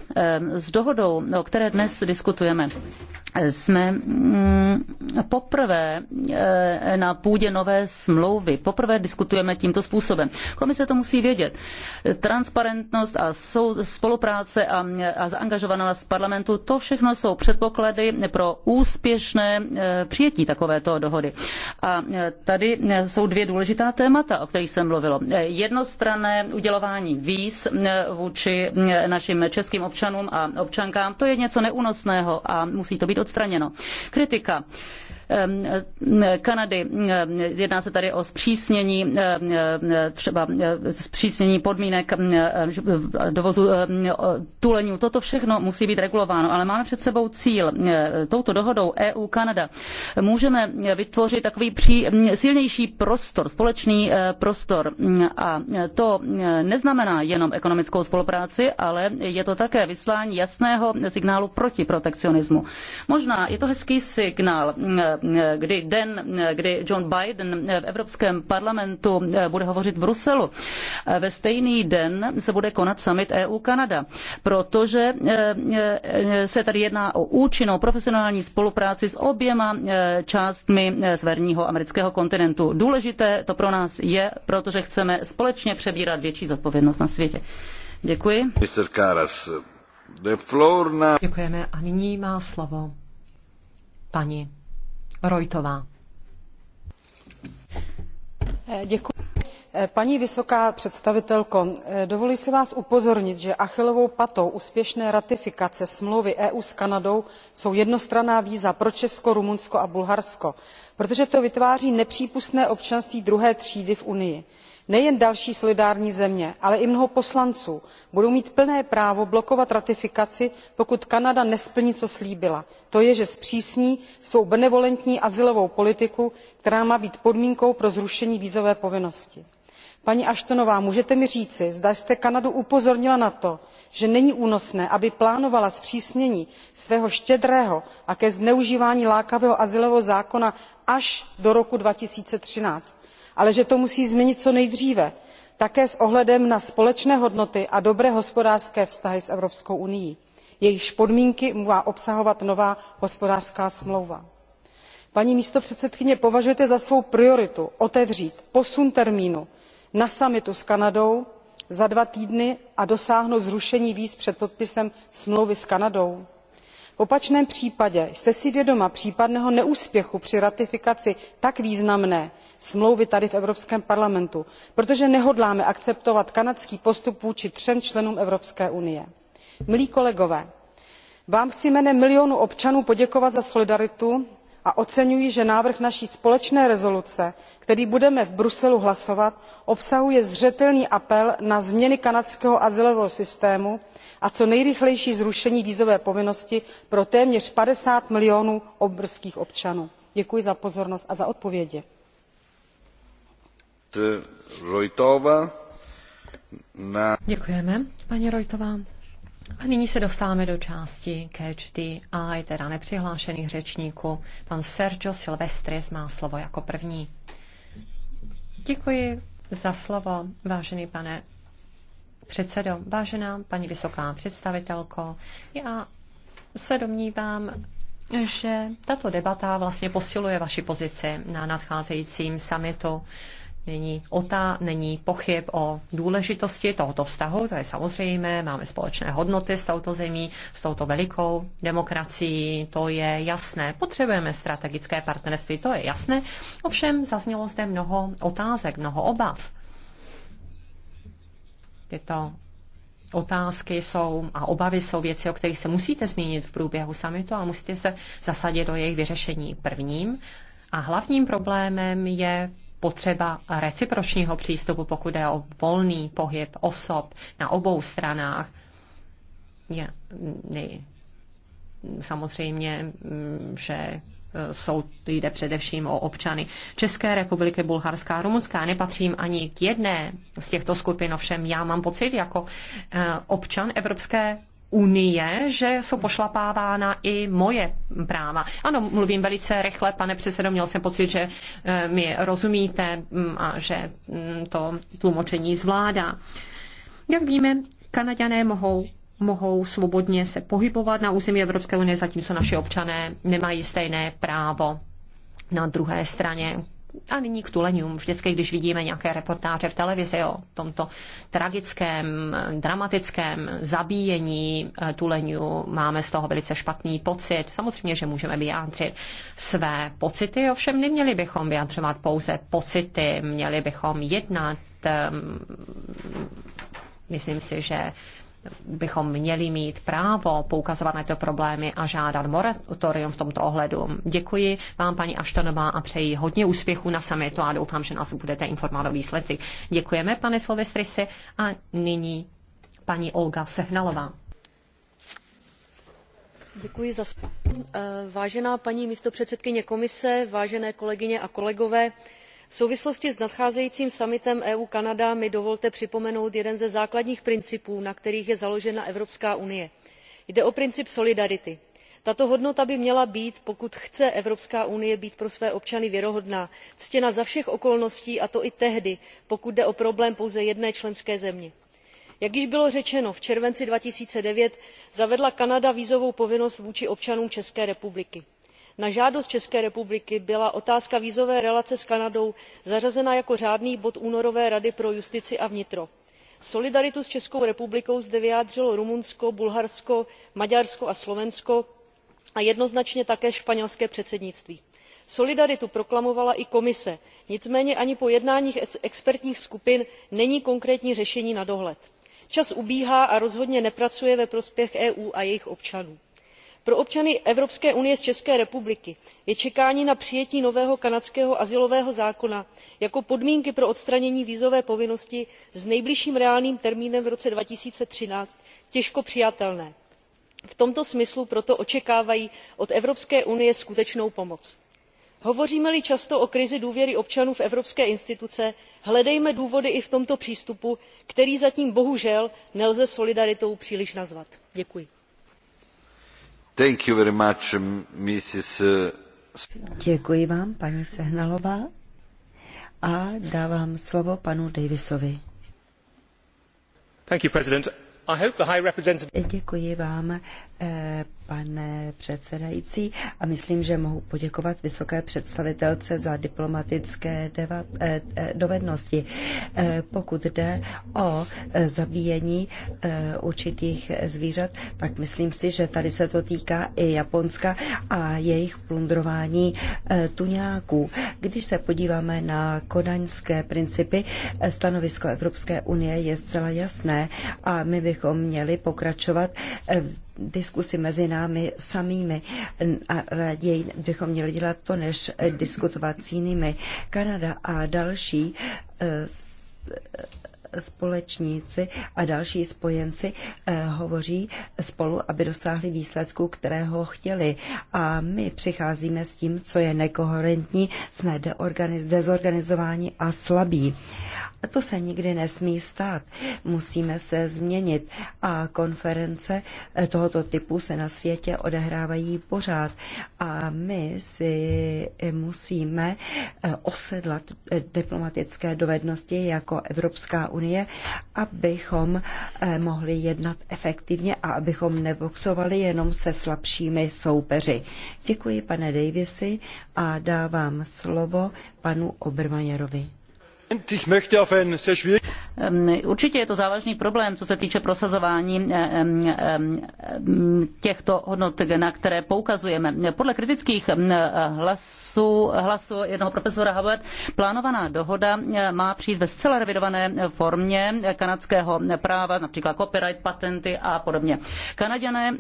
S dohodou, o které dnes diskutujeme, jsme mm, poprvé Eh, na půdě nové smlouvy. Poprvé diskutujeme tímto způsobem. Komise to musí vědět. Transparentnost a spolupráce a, a zaangažovanost parlamentu, to všechno jsou předpoklady pro úspěšné eh, přijetí takovéto dohody. A eh, tady jsou dvě důležitá témata, o kterých jsem mluvilo. Jednostranné udělování víz vůči našim českým občanům a občankám, to je něco neúnosného a musí to být odstraněno. Kritika Ehm, Kanady. Ehm, jedná se tady o zpřísnění ehm, třeba zpřísnění podmínek dovozu tuleňů. Toto všechno musí být regulováno, ale máme před sebou cíl. Touto dohodou EU-Kanada můžeme vytvořit takový pří, silnější prostor, společný prostor. A to neznamená jenom ekonomickou spolupráci, ale je to také vyslání jasného signálu proti protekcionismu. Možná je to hezký signál kdy den, kdy John Biden v Evropském parlamentu bude hovořit v Bruselu, ve stejný den se bude konat summit EU-Kanada, protože eh, se tady jedná o účinnou profesionální spolupráci s oběma eh, částmi eh, severního amerického kontinentu. Důležité to pro nás je, protože chceme společně přebírat větší zodpovědnost na světě. Děkuji. Mr. Karas, the floor na... Děkujeme a nyní má slovo paní Rojtová. Děkuji. Paní vysoká představitelko, dovoluji si vás upozornit, že achilovou patou úspěšné ratifikace smlouvy EU s Kanadou jsou jednostranná víza pro Česko, Rumunsko a Bulharsko, protože to vytváří nepřípustné občanství druhé třídy v Unii nejen další solidární země ale i mnoho poslanců budou mít plné právo blokovat ratifikaci pokud kanada nesplní co slíbila to je že zpřísní svou benevolentní azylovou politiku která má být podmínkou pro zrušení vízové povinnosti. paní ashtonová můžete mi říci zda jste kanadu upozornila na to že není únosné aby plánovala zpřísnění svého štědrého a ke zneužívání lákavého azylového zákona až do roku two thousand and thirteen ale že to musí změnit co nejdříve také s ohledem na společné hodnoty a dobré hospodářské vztahy s evropskou unií jejichž podmínky má obsahovat nová hospodářská smlouva. paní místopředsedkyně považujete za svou prioritu otevřít posun termínu na summitu s kanadou za dva týdny a dosáhnout zrušení víz před podpisem smlouvy s kanadou? v opačném případě jste si vědoma případného neúspěchu při ratifikaci tak významné smlouvy tady v evropském parlamentu protože nehodláme akceptovat kanadský postup vůči třem členům evropské unie. milí kolegové vám chci jménem milionů občanů poděkovat za solidaritu a oceňuji že návrh naší společné rezoluce který budeme v bruselu hlasovat obsahuje zřetelný apel na změny kanadského azylového systému a co nejrychlejší zrušení vízové povinnosti pro téměř fifty milionů britských občanů. děkuji za pozornost a za odpovědi. A nyní se dostáváme do části Catch the Eye, teda nepřihlášených řečníků. Pan Sergio Silvestris má slovo jako první. Děkuji za slovo, vážený pane předsedo, vážená paní vysoká představitelko. Já se domnívám, že tato debata vlastně posiluje vaši pozici na nadcházejícím summitu Není, otá, není pochyb o důležitosti tohoto vztahu, to je samozřejmé, máme společné hodnoty s touto zemí, s touto velikou demokracií, to je jasné. Potřebujeme strategické partnerství, to je jasné. Ovšem zaznělo zde mnoho otázek, mnoho obav. Tyto otázky jsou a obavy jsou věci, o kterých se musíte zmínit v průběhu samitu a musíte se zasadit do jejich vyřešení. Prvním a hlavním problémem je potřeba recipročního přístupu, pokud je o volný pohyb osob na obou stranách. Je, ne, samozřejmě, mm, že e, jsou, jde především o občany České republiky, Bulharská a Rumunská. Nepatřím ani k jedné z těchto skupin, ovšem já mám pocit jako e, občan Evropské unie, že jsou pošlapávána i moje práva. Ano, mluvím velice rychle, pane předsedo, měl jsem pocit, že eh, mi rozumíte mm, a že mm, to tlumočení zvládá. Jak víme, Kanaďané mohou mohou svobodně se pohybovat na území Evropské unie, zatímco naši občané nemají stejné právo na druhé straně a nyní k tuleňům. Vždycky, když vidíme nějaké reportáže v televizi o tomto tragickém, dramatickém zabíjení eh, tuleňů, máme z toho velice špatný pocit. Samozřejmě, že můžeme vyjádřit své pocity, ovšem neměli bychom vyjádřovat pouze pocity, měli bychom jednat. Ehm, myslím si, že bychom měli mít právo poukazovat na tyto problémy a žádat moratorium v tomto ohledu. Děkuji vám, paní Aštonová, a přeji hodně úspěchů na summitu a doufám, že nás budete informovat o výsledcích. Děkujeme, pane Slovestrisi, a nyní paní Olga Sehnalová. Děkuji za eh, Vážená paní místopředsedkyně komise, vážené kolegyně a kolegové, v souvislosti s nadcházejícím summitem eu kanada mi dovolte připomenout jeden ze základních principů na kterých je založena evropská unie. jde o princip solidarity. tato hodnota by měla být pokud chce evropská unie být pro své občany věrohodná ctěna za všech okolností a to i tehdy pokud jde o problém pouze jedné členské země. jak již bylo řečeno v červenci two thousand and nine zavedla kanada vízovou povinnost vůči občanům české republiky na žádost české republiky byla otázka vízové relace s kanadou zařazena jako řádný bod únorové rady pro justici a vnitro. solidaritu s českou republikou zde vyjádřilo rumunsko bulharsko maďarsko a slovensko a jednoznačně také španělské předsednictví. solidaritu proklamovala i komise nicméně ani po jednáních expertních skupin není konkrétní řešení na dohled. čas ubíhá a rozhodně nepracuje ve prospěch eu a jejích občanů pro občany evropské unie z české republiky je čekání na přijetí nového kanadského azylového zákona jako podmínky pro odstranění vízové povinnosti s nejbližším reálným termínem v roce two thousand and thirteen těžko přijatelné. v tomto smyslu proto očekávají od evropské unie skutečnou pomoc. hovoříme li často o krizi důvěry občanů v evropské instituce hledejme důvody i v tomto přístupu který zatím bohužel nelze solidaritou příliš nazvat. děkuji. Uh, Děkuji vám, paní Sehnalová. A dávám slovo panu Davisovi. Thank you, President. Děkuji vám. Eh, pane předsedající, a myslím, že mohu poděkovat vysoké představitelce za diplomatické deva, eh, eh, dovednosti. Pokud jde o zabíjení určitých zvířat, tak myslím si, že tady se to týká i Japonska a jejich plundrování tuňáků. Když se podíváme na kodaňské principy, stanovisko Evropské unie je zcela jasné a my bychom měli pokračovat v diskusi mezi námi samými a raději bychom měli dělat to, než diskutovat s jinými. Kanada a další eh, eh, společníci a další spojenci eh, hovoří spolu, aby dosáhli výsledku, kterého chtěli. A my přicházíme s tím, co je nekoherentní, jsme dezorganizováni a slabí. To se nikdy nesmí stát. Musíme se změnit a konference tohoto typu se na světě odehrávají pořád a my si musíme eh, osedlat eh, diplomatické dovednosti jako Evropská unie, abychom eh, mohli jednat efektivně a abychom neboxovali jenom se slabšími soupeři. Děkuji, pane Davisi, a dávám slovo panu Obermajerovi. Ehm, určitě je to závažný problém, co se týče prosazování ehm, ehm, těchto hodnot, na které poukazujeme. Podle kritických hlasů, hlasu jednoho profesora Howard, plánovaná dohoda má přijít ve zcela revidované formě kanadského práva, například copyright, patenty a podobně. Kanaděné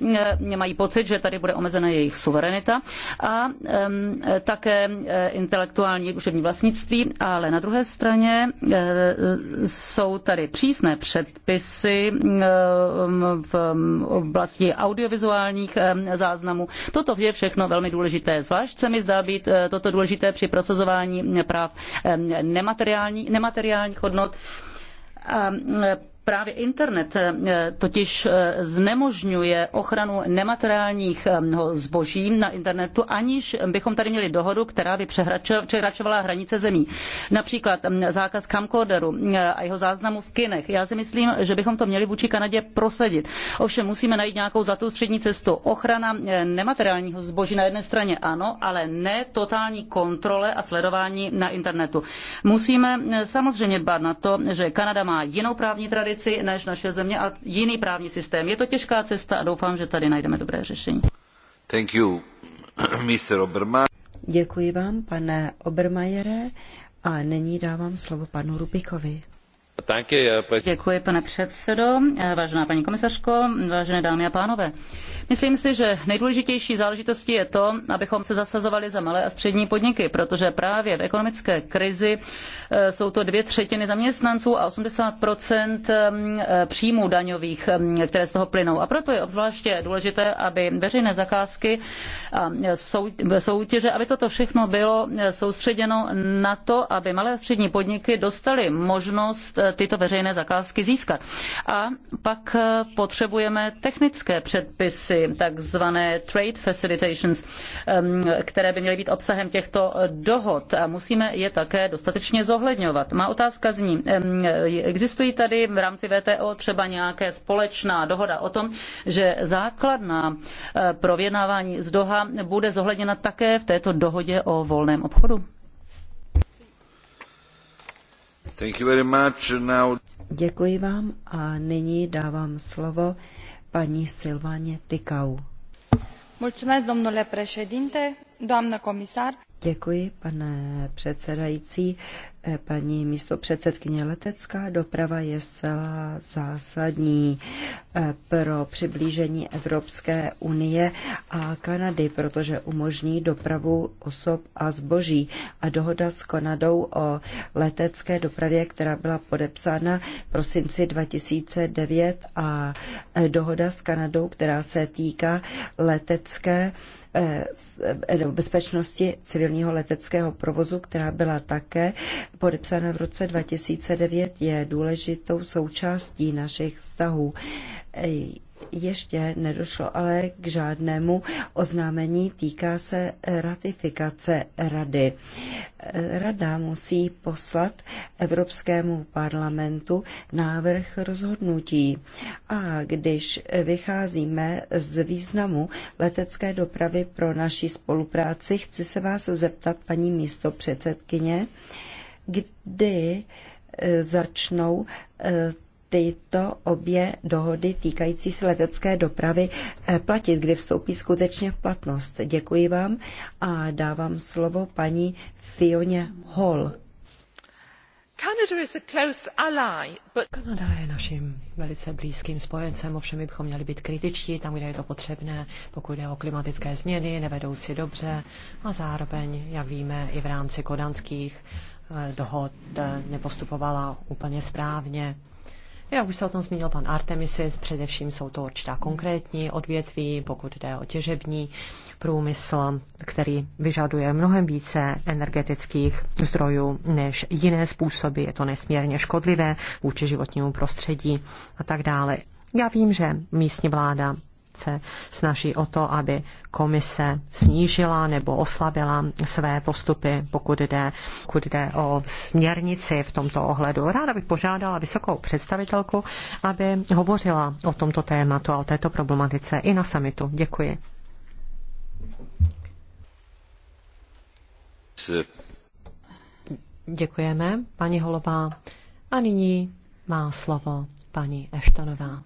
mají pocit, že tady bude omezena jejich suverenita a také intelektuální duševní vlastnictví, ale na druhé straně straně eh, jsou tady přísné předpisy eh, v oblasti audiovizuálních eh, záznamů. Toto je všechno velmi důležité. Zvlášť se mi zdá být toto důležité při prosazování práv nemateriální, nemateriálních hodnot. A Právě internet eh, totiž eh, znemožňuje ochranu nemateriálních zboží na internetu, aniž bychom tady měli dohodu, která by překračovala hranice zemí. Například hm, zákaz camcorderu eh, a jeho záznamu v kinech. Já si myslím, že bychom to měli vůči Kanadě prosadit. Ovšem musíme najít nějakou zlatou střední cestu. Ochrana nemateriálního zboží na jedné straně ano, ale ne totální kontrole a sledování na internetu. Musíme samozřejmě dbát na to, že Kanada má jinou právní tradici, Americi než naše země a jiný právní systém. Je to těžká cesta a doufám, že tady najdeme dobré řešení. Thank you, Mr. Oberma. Děkuji vám, pane Obermajere, a nyní dávám slovo panu Rubikovi. Uh, Děkuji, pane předsedo, eh, vážená paní komisařko, vážené dámy a pánové. Myslím si, že nejdůležitější záležitostí je to, abychom se zasazovali za malé a střední podniky, protože právě v ekonomické krizi eh, jsou to dvě třetiny zaměstnanců a 80 ehm, eh, příjmů daňových, ehm, které z toho plynou. A proto je obzvláště důležité, aby veřejné zakázky a soutěže, aby toto všechno bylo soustředěno na to, aby malé a střední podniky dostaly možnost tyto veřejné zakázky získat. A pak eh, potřebujeme technické předpisy, takzvané trade facilitations, které by měly být obsahem těchto dohod a musíme je také dostatečně zohledňovat. Má otázka zní, existují tady v rámci VTO třeba nějaké společná dohoda o tom, že základna eh, pro vyjednávání z Doha bude zohledněna také v této dohodě o volném obchodu? Thank you very much. Now... Děkuji vám a nyní dávám slovo paní Silvaně Tykau. Mulțumesc, domnule președinte doamnă comisar. Děkuji, pane předsedající. Eh, paní místo předsedkyně letecká doprava je zcela zásadní eh, pro přiblížení Evropské unie a Kanady, protože umožní dopravu osob a zboží. A dohoda s Kanadou o letecké dopravě, která byla podepsána v prosinci 2009 a eh, dohoda s Kanadou, která se týká letecké Eh, eh, bezpečnosti civilního leteckého provozu, která byla také podepsána v roce 2009, je důležitou součástí našich vztahů ještě nedošlo ale k žádnému oznámení, týká se ratifikace rady. Rada musí poslat Evropskému parlamentu návrh rozhodnutí. A když vycházíme z významu letecké dopravy pro naši spolupráci, chci se vás zeptat, paní místo předsedkyně, kdy začnou eh, tyto obě dohody týkající se letecké dopravy eh, platit, kdy vstoupí skutečně v platnost. Děkuji vám a dávám slovo paní Fioně Hall. Kanada je naším velice blízkým spojencem, ovšem my bychom měli být kritičtí tam, kde je to potřebné, pokud jde o klimatické změny, nevedou si dobře a zároveň, jak víme, i v rámci kodanských eh, dohod eh, nepostupovala úplně správně. Jak už se o tom zmínil pan Artemisis, především jsou to určitá konkrétní odvětví, pokud jde o těžební průmysl, který vyžaduje mnohem více energetických zdrojů než jiné způsoby. Je to nesmírně škodlivé vůči životnímu prostředí a tak dále. Já vím, že místní vláda se snaží o to, aby komise snížila nebo oslabila své postupy, pokud jde, pokud jde o směrnici v tomto ohledu. Ráda bych požádala vysokou představitelku, aby hovořila o tomto tématu a o této problematice i na samitu. Děkuji. Děkujeme, paní Holobá. A nyní má slovo paní Eštanová.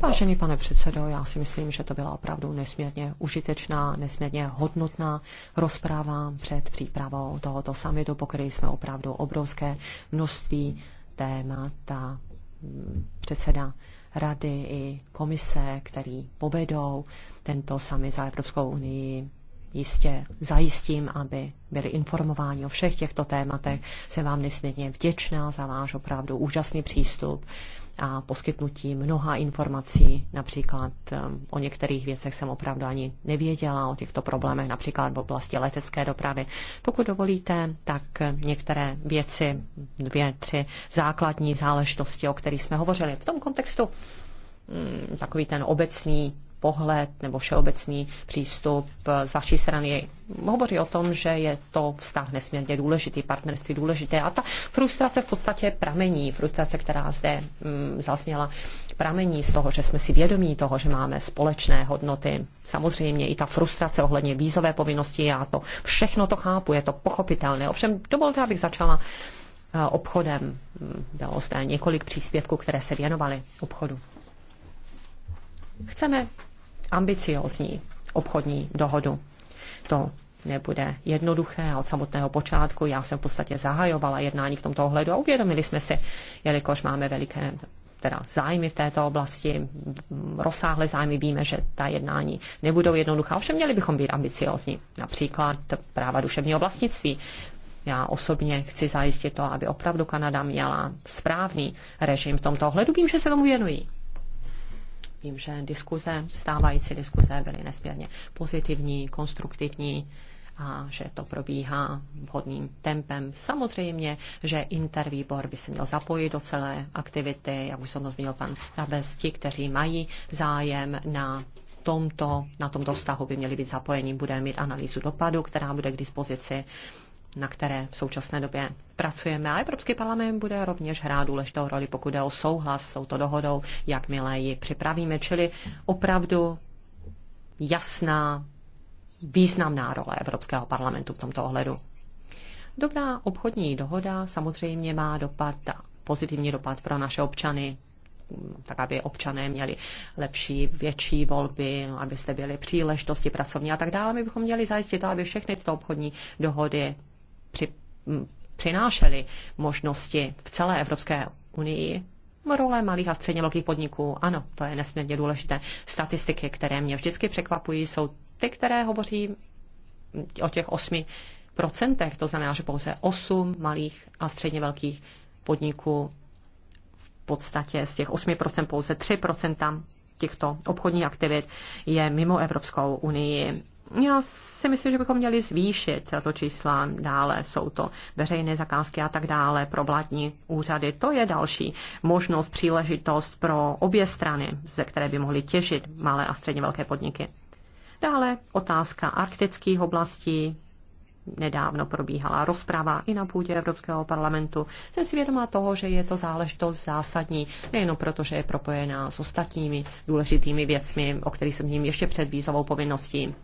Vážený pane předsedo, já si myslím, že to byla opravdu nesmírně užitečná, nesmírně hodnotná rozprava před přípravou tohoto summitu pokryli jsme opravdu obrovské množství témat a mm, předseda rady i komise, který povedou tento summit za Evropskou unii, jistě zajistím, aby byli informováni o všech těchto tématech. Jsem vám nesmírně vděčná za váš opravdu úžasný přístup a poskytnutí mnoha informací. Například um, o některých věcech jsem opravdu ani nevěděla, o těchto problémech, například v oblasti letecké dopravy. Pokud dovolíte, tak některé věci, dvě, tři základní záležitosti, o kterých jsme hovořili v tom kontextu, mm, takový ten obecný pohled nebo všeobecný přístup eh, z vaší strany hovoří o tom, že je to vztah nesmírně důležitý, partnerství důležité. A ta frustrace v podstatě pramení, frustrace, která zde mm, zazněla, pramení z toho, že jsme si vědomí toho, že máme společné hodnoty. Samozřejmě i ta frustrace ohledně vízové povinnosti, já to všechno to chápu, je to pochopitelné. Ovšem, dovolte, abych začala eh, obchodem. Bylo zde několik příspěvků, které se věnovaly obchodu. Chceme ambiciozní obchodní dohodu. To nebude jednoduché a od samotného počátku. Já jsem v podstatě zahajovala jednání v tomto ohledu a uvědomili jsme si, jelikož máme veliké teda zájmy v této oblasti, rozsáhlé zájmy, víme, že ta jednání nebudou jednoduchá, ovšem měli bychom být ambiciozní. Například práva duševního vlastnictví. Já osobně chci zajistit to, aby opravdu Kanada měla správný režim v tomto ohledu. Vím, že se tomu věnují. Vidím, že diskuze, stávající diskuze byly nesmírně pozitivní, konstruktivní a že to probíhá vhodným tempem. Samozřejmě, že intervýbor by se měl zapojit do celé aktivity, jak už jsem to zmínil pan Rabes, ti, kteří mají zájem na tomto, na tomto vztahu by měli být zapojeni. Budeme mít analýzu dopadu, která bude k dispozici, na které v současné době pracujeme. A Evropský parlament bude rovněž hrát důležitou roli, pokud jde o souhlas s touto dohodou, jakmile ji připravíme. Čili opravdu jasná, významná role Evropského parlamentu v tomto ohledu. Dobrá obchodní dohoda samozřejmě má dopad, pozitivní dopad pro naše občany, tak aby občané měli lepší, větší volby, abyste byli příležitosti pracovní a tak dále. My bychom měli zajistit to, aby všechny tyto obchodní dohody při, přinášely možnosti v celé Evropské unii role malých a středně velkých podniků. Ano, to je nesmírně důležité. Statistiky, které mě vždycky překvapují, jsou ty, které hovoří o těch 8%, to znamená, že pouze 8 malých a středně velkých podniků v podstatě z těch 8% pouze 3% těchto obchodních aktivit je mimo Evropskou unii já si myslím, že bychom měli zvýšit tato čísla dále. Jsou to veřejné zakázky a tak dále pro vládní úřady. To je další možnost, příležitost pro obě strany, ze které by mohly těžit malé a středně velké podniky. Dále otázka arktických oblastí. Nedávno probíhala rozprava i na půdě Evropského parlamentu. Jsem si vědomá toho, že je to záležitost zásadní, nejen proto, že je propojená s ostatními důležitými věcmi, o kterých jsem ním ještě před vízovou povinností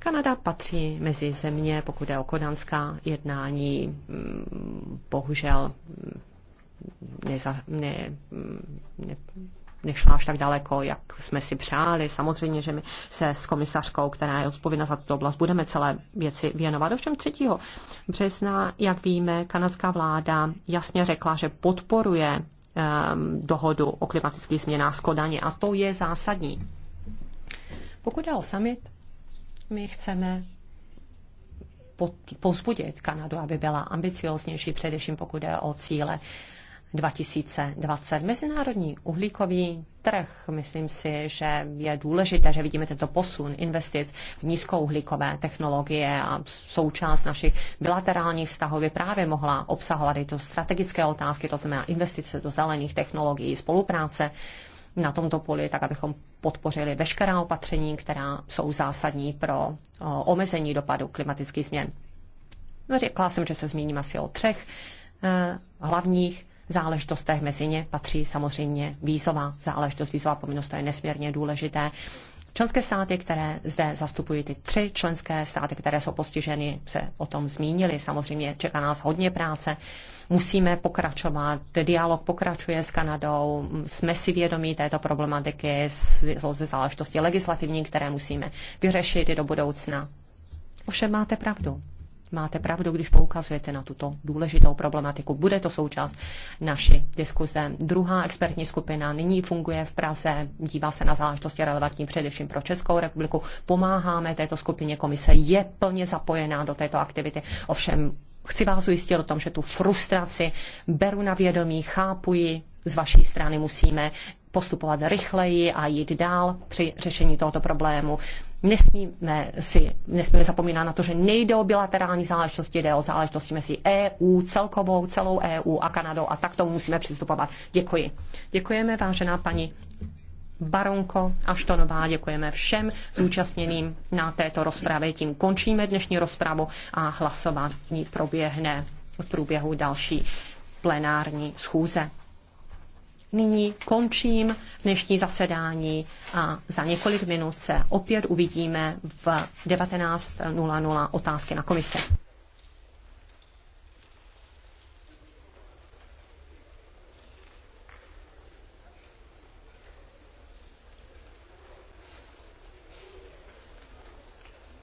Kanada patří mezi země, pokud je o kodanská jednání, mm, bohužel mm, neza, ne, mm, ne, nešla až tak daleko, jak jsme si přáli. Samozřejmě, že my se s komisařkou, která je odpovědná za tuto oblast, budeme celé věci věnovat. Ovšem 3. března, jak víme, kanadská vláda jasně řekla, že podporuje um, dohodu o klimatických změnách z Kodaně a to je zásadní. Pokud je o summit my chceme povzbudit Kanadu, aby byla ambicioznější, především pokud jde o cíle 2020. Mezinárodní uhlíkový trh, myslím si, že je důležité, že vidíme tento posun investic v nízkouhlíkové technologie a součást našich bilaterálních vztahů by právě mohla obsahovat i to strategické otázky, to znamená investice do zelených technologií, spolupráce na tomto poli, tak abychom podpořili veškerá opatření, která jsou zásadní pro omezení dopadu klimatických změn. No, řekla jsem, že se zmíním asi o třech e, hlavních záležitostech. Mezi ně patří samozřejmě vízová záležitost, vízová povinnost, to je nesmírně důležité. Členské státy, které zde zastupují ty tři členské státy, které jsou postiženy, se o tom zmínili. Samozřejmě čeká nás hodně práce. Musíme pokračovat. Dialog pokračuje s Kanadou. Jsme si vědomí této problematiky, ze záležitosti legislativní, které musíme vyřešit i do budoucna. Ovšem máte pravdu máte pravdu, když poukazujete na tuto důležitou problematiku. Bude to součást naší diskuze. Druhá expertní skupina nyní funguje v Praze, dívá se na záležitosti relevantní především pro Českou republiku. Pomáháme této skupině komise, je plně zapojená do této aktivity. Ovšem chci vás ujistit o tom, že tu frustraci beru na vědomí, chápuji, ji, z vaší strany musíme postupovat rychleji a jít dál při řešení tohoto problému nesmíme, si, nesmíme zapomínat na to, že nejde o bilaterální záležitosti, jde o záležitosti mezi EU, celkovou, celou EU a Kanadou a tak tomu musíme přistupovat. Děkuji. Děkujeme, vážená paní Baronko Aštonová, děkujeme všem zúčastněným na této rozpravě. Tím končíme dnešní rozpravu a hlasování proběhne v průběhu další plenární schůze nyní končím dnešní zasedání a za několik minut se opět uvidíme v 19.00 otázky na komise.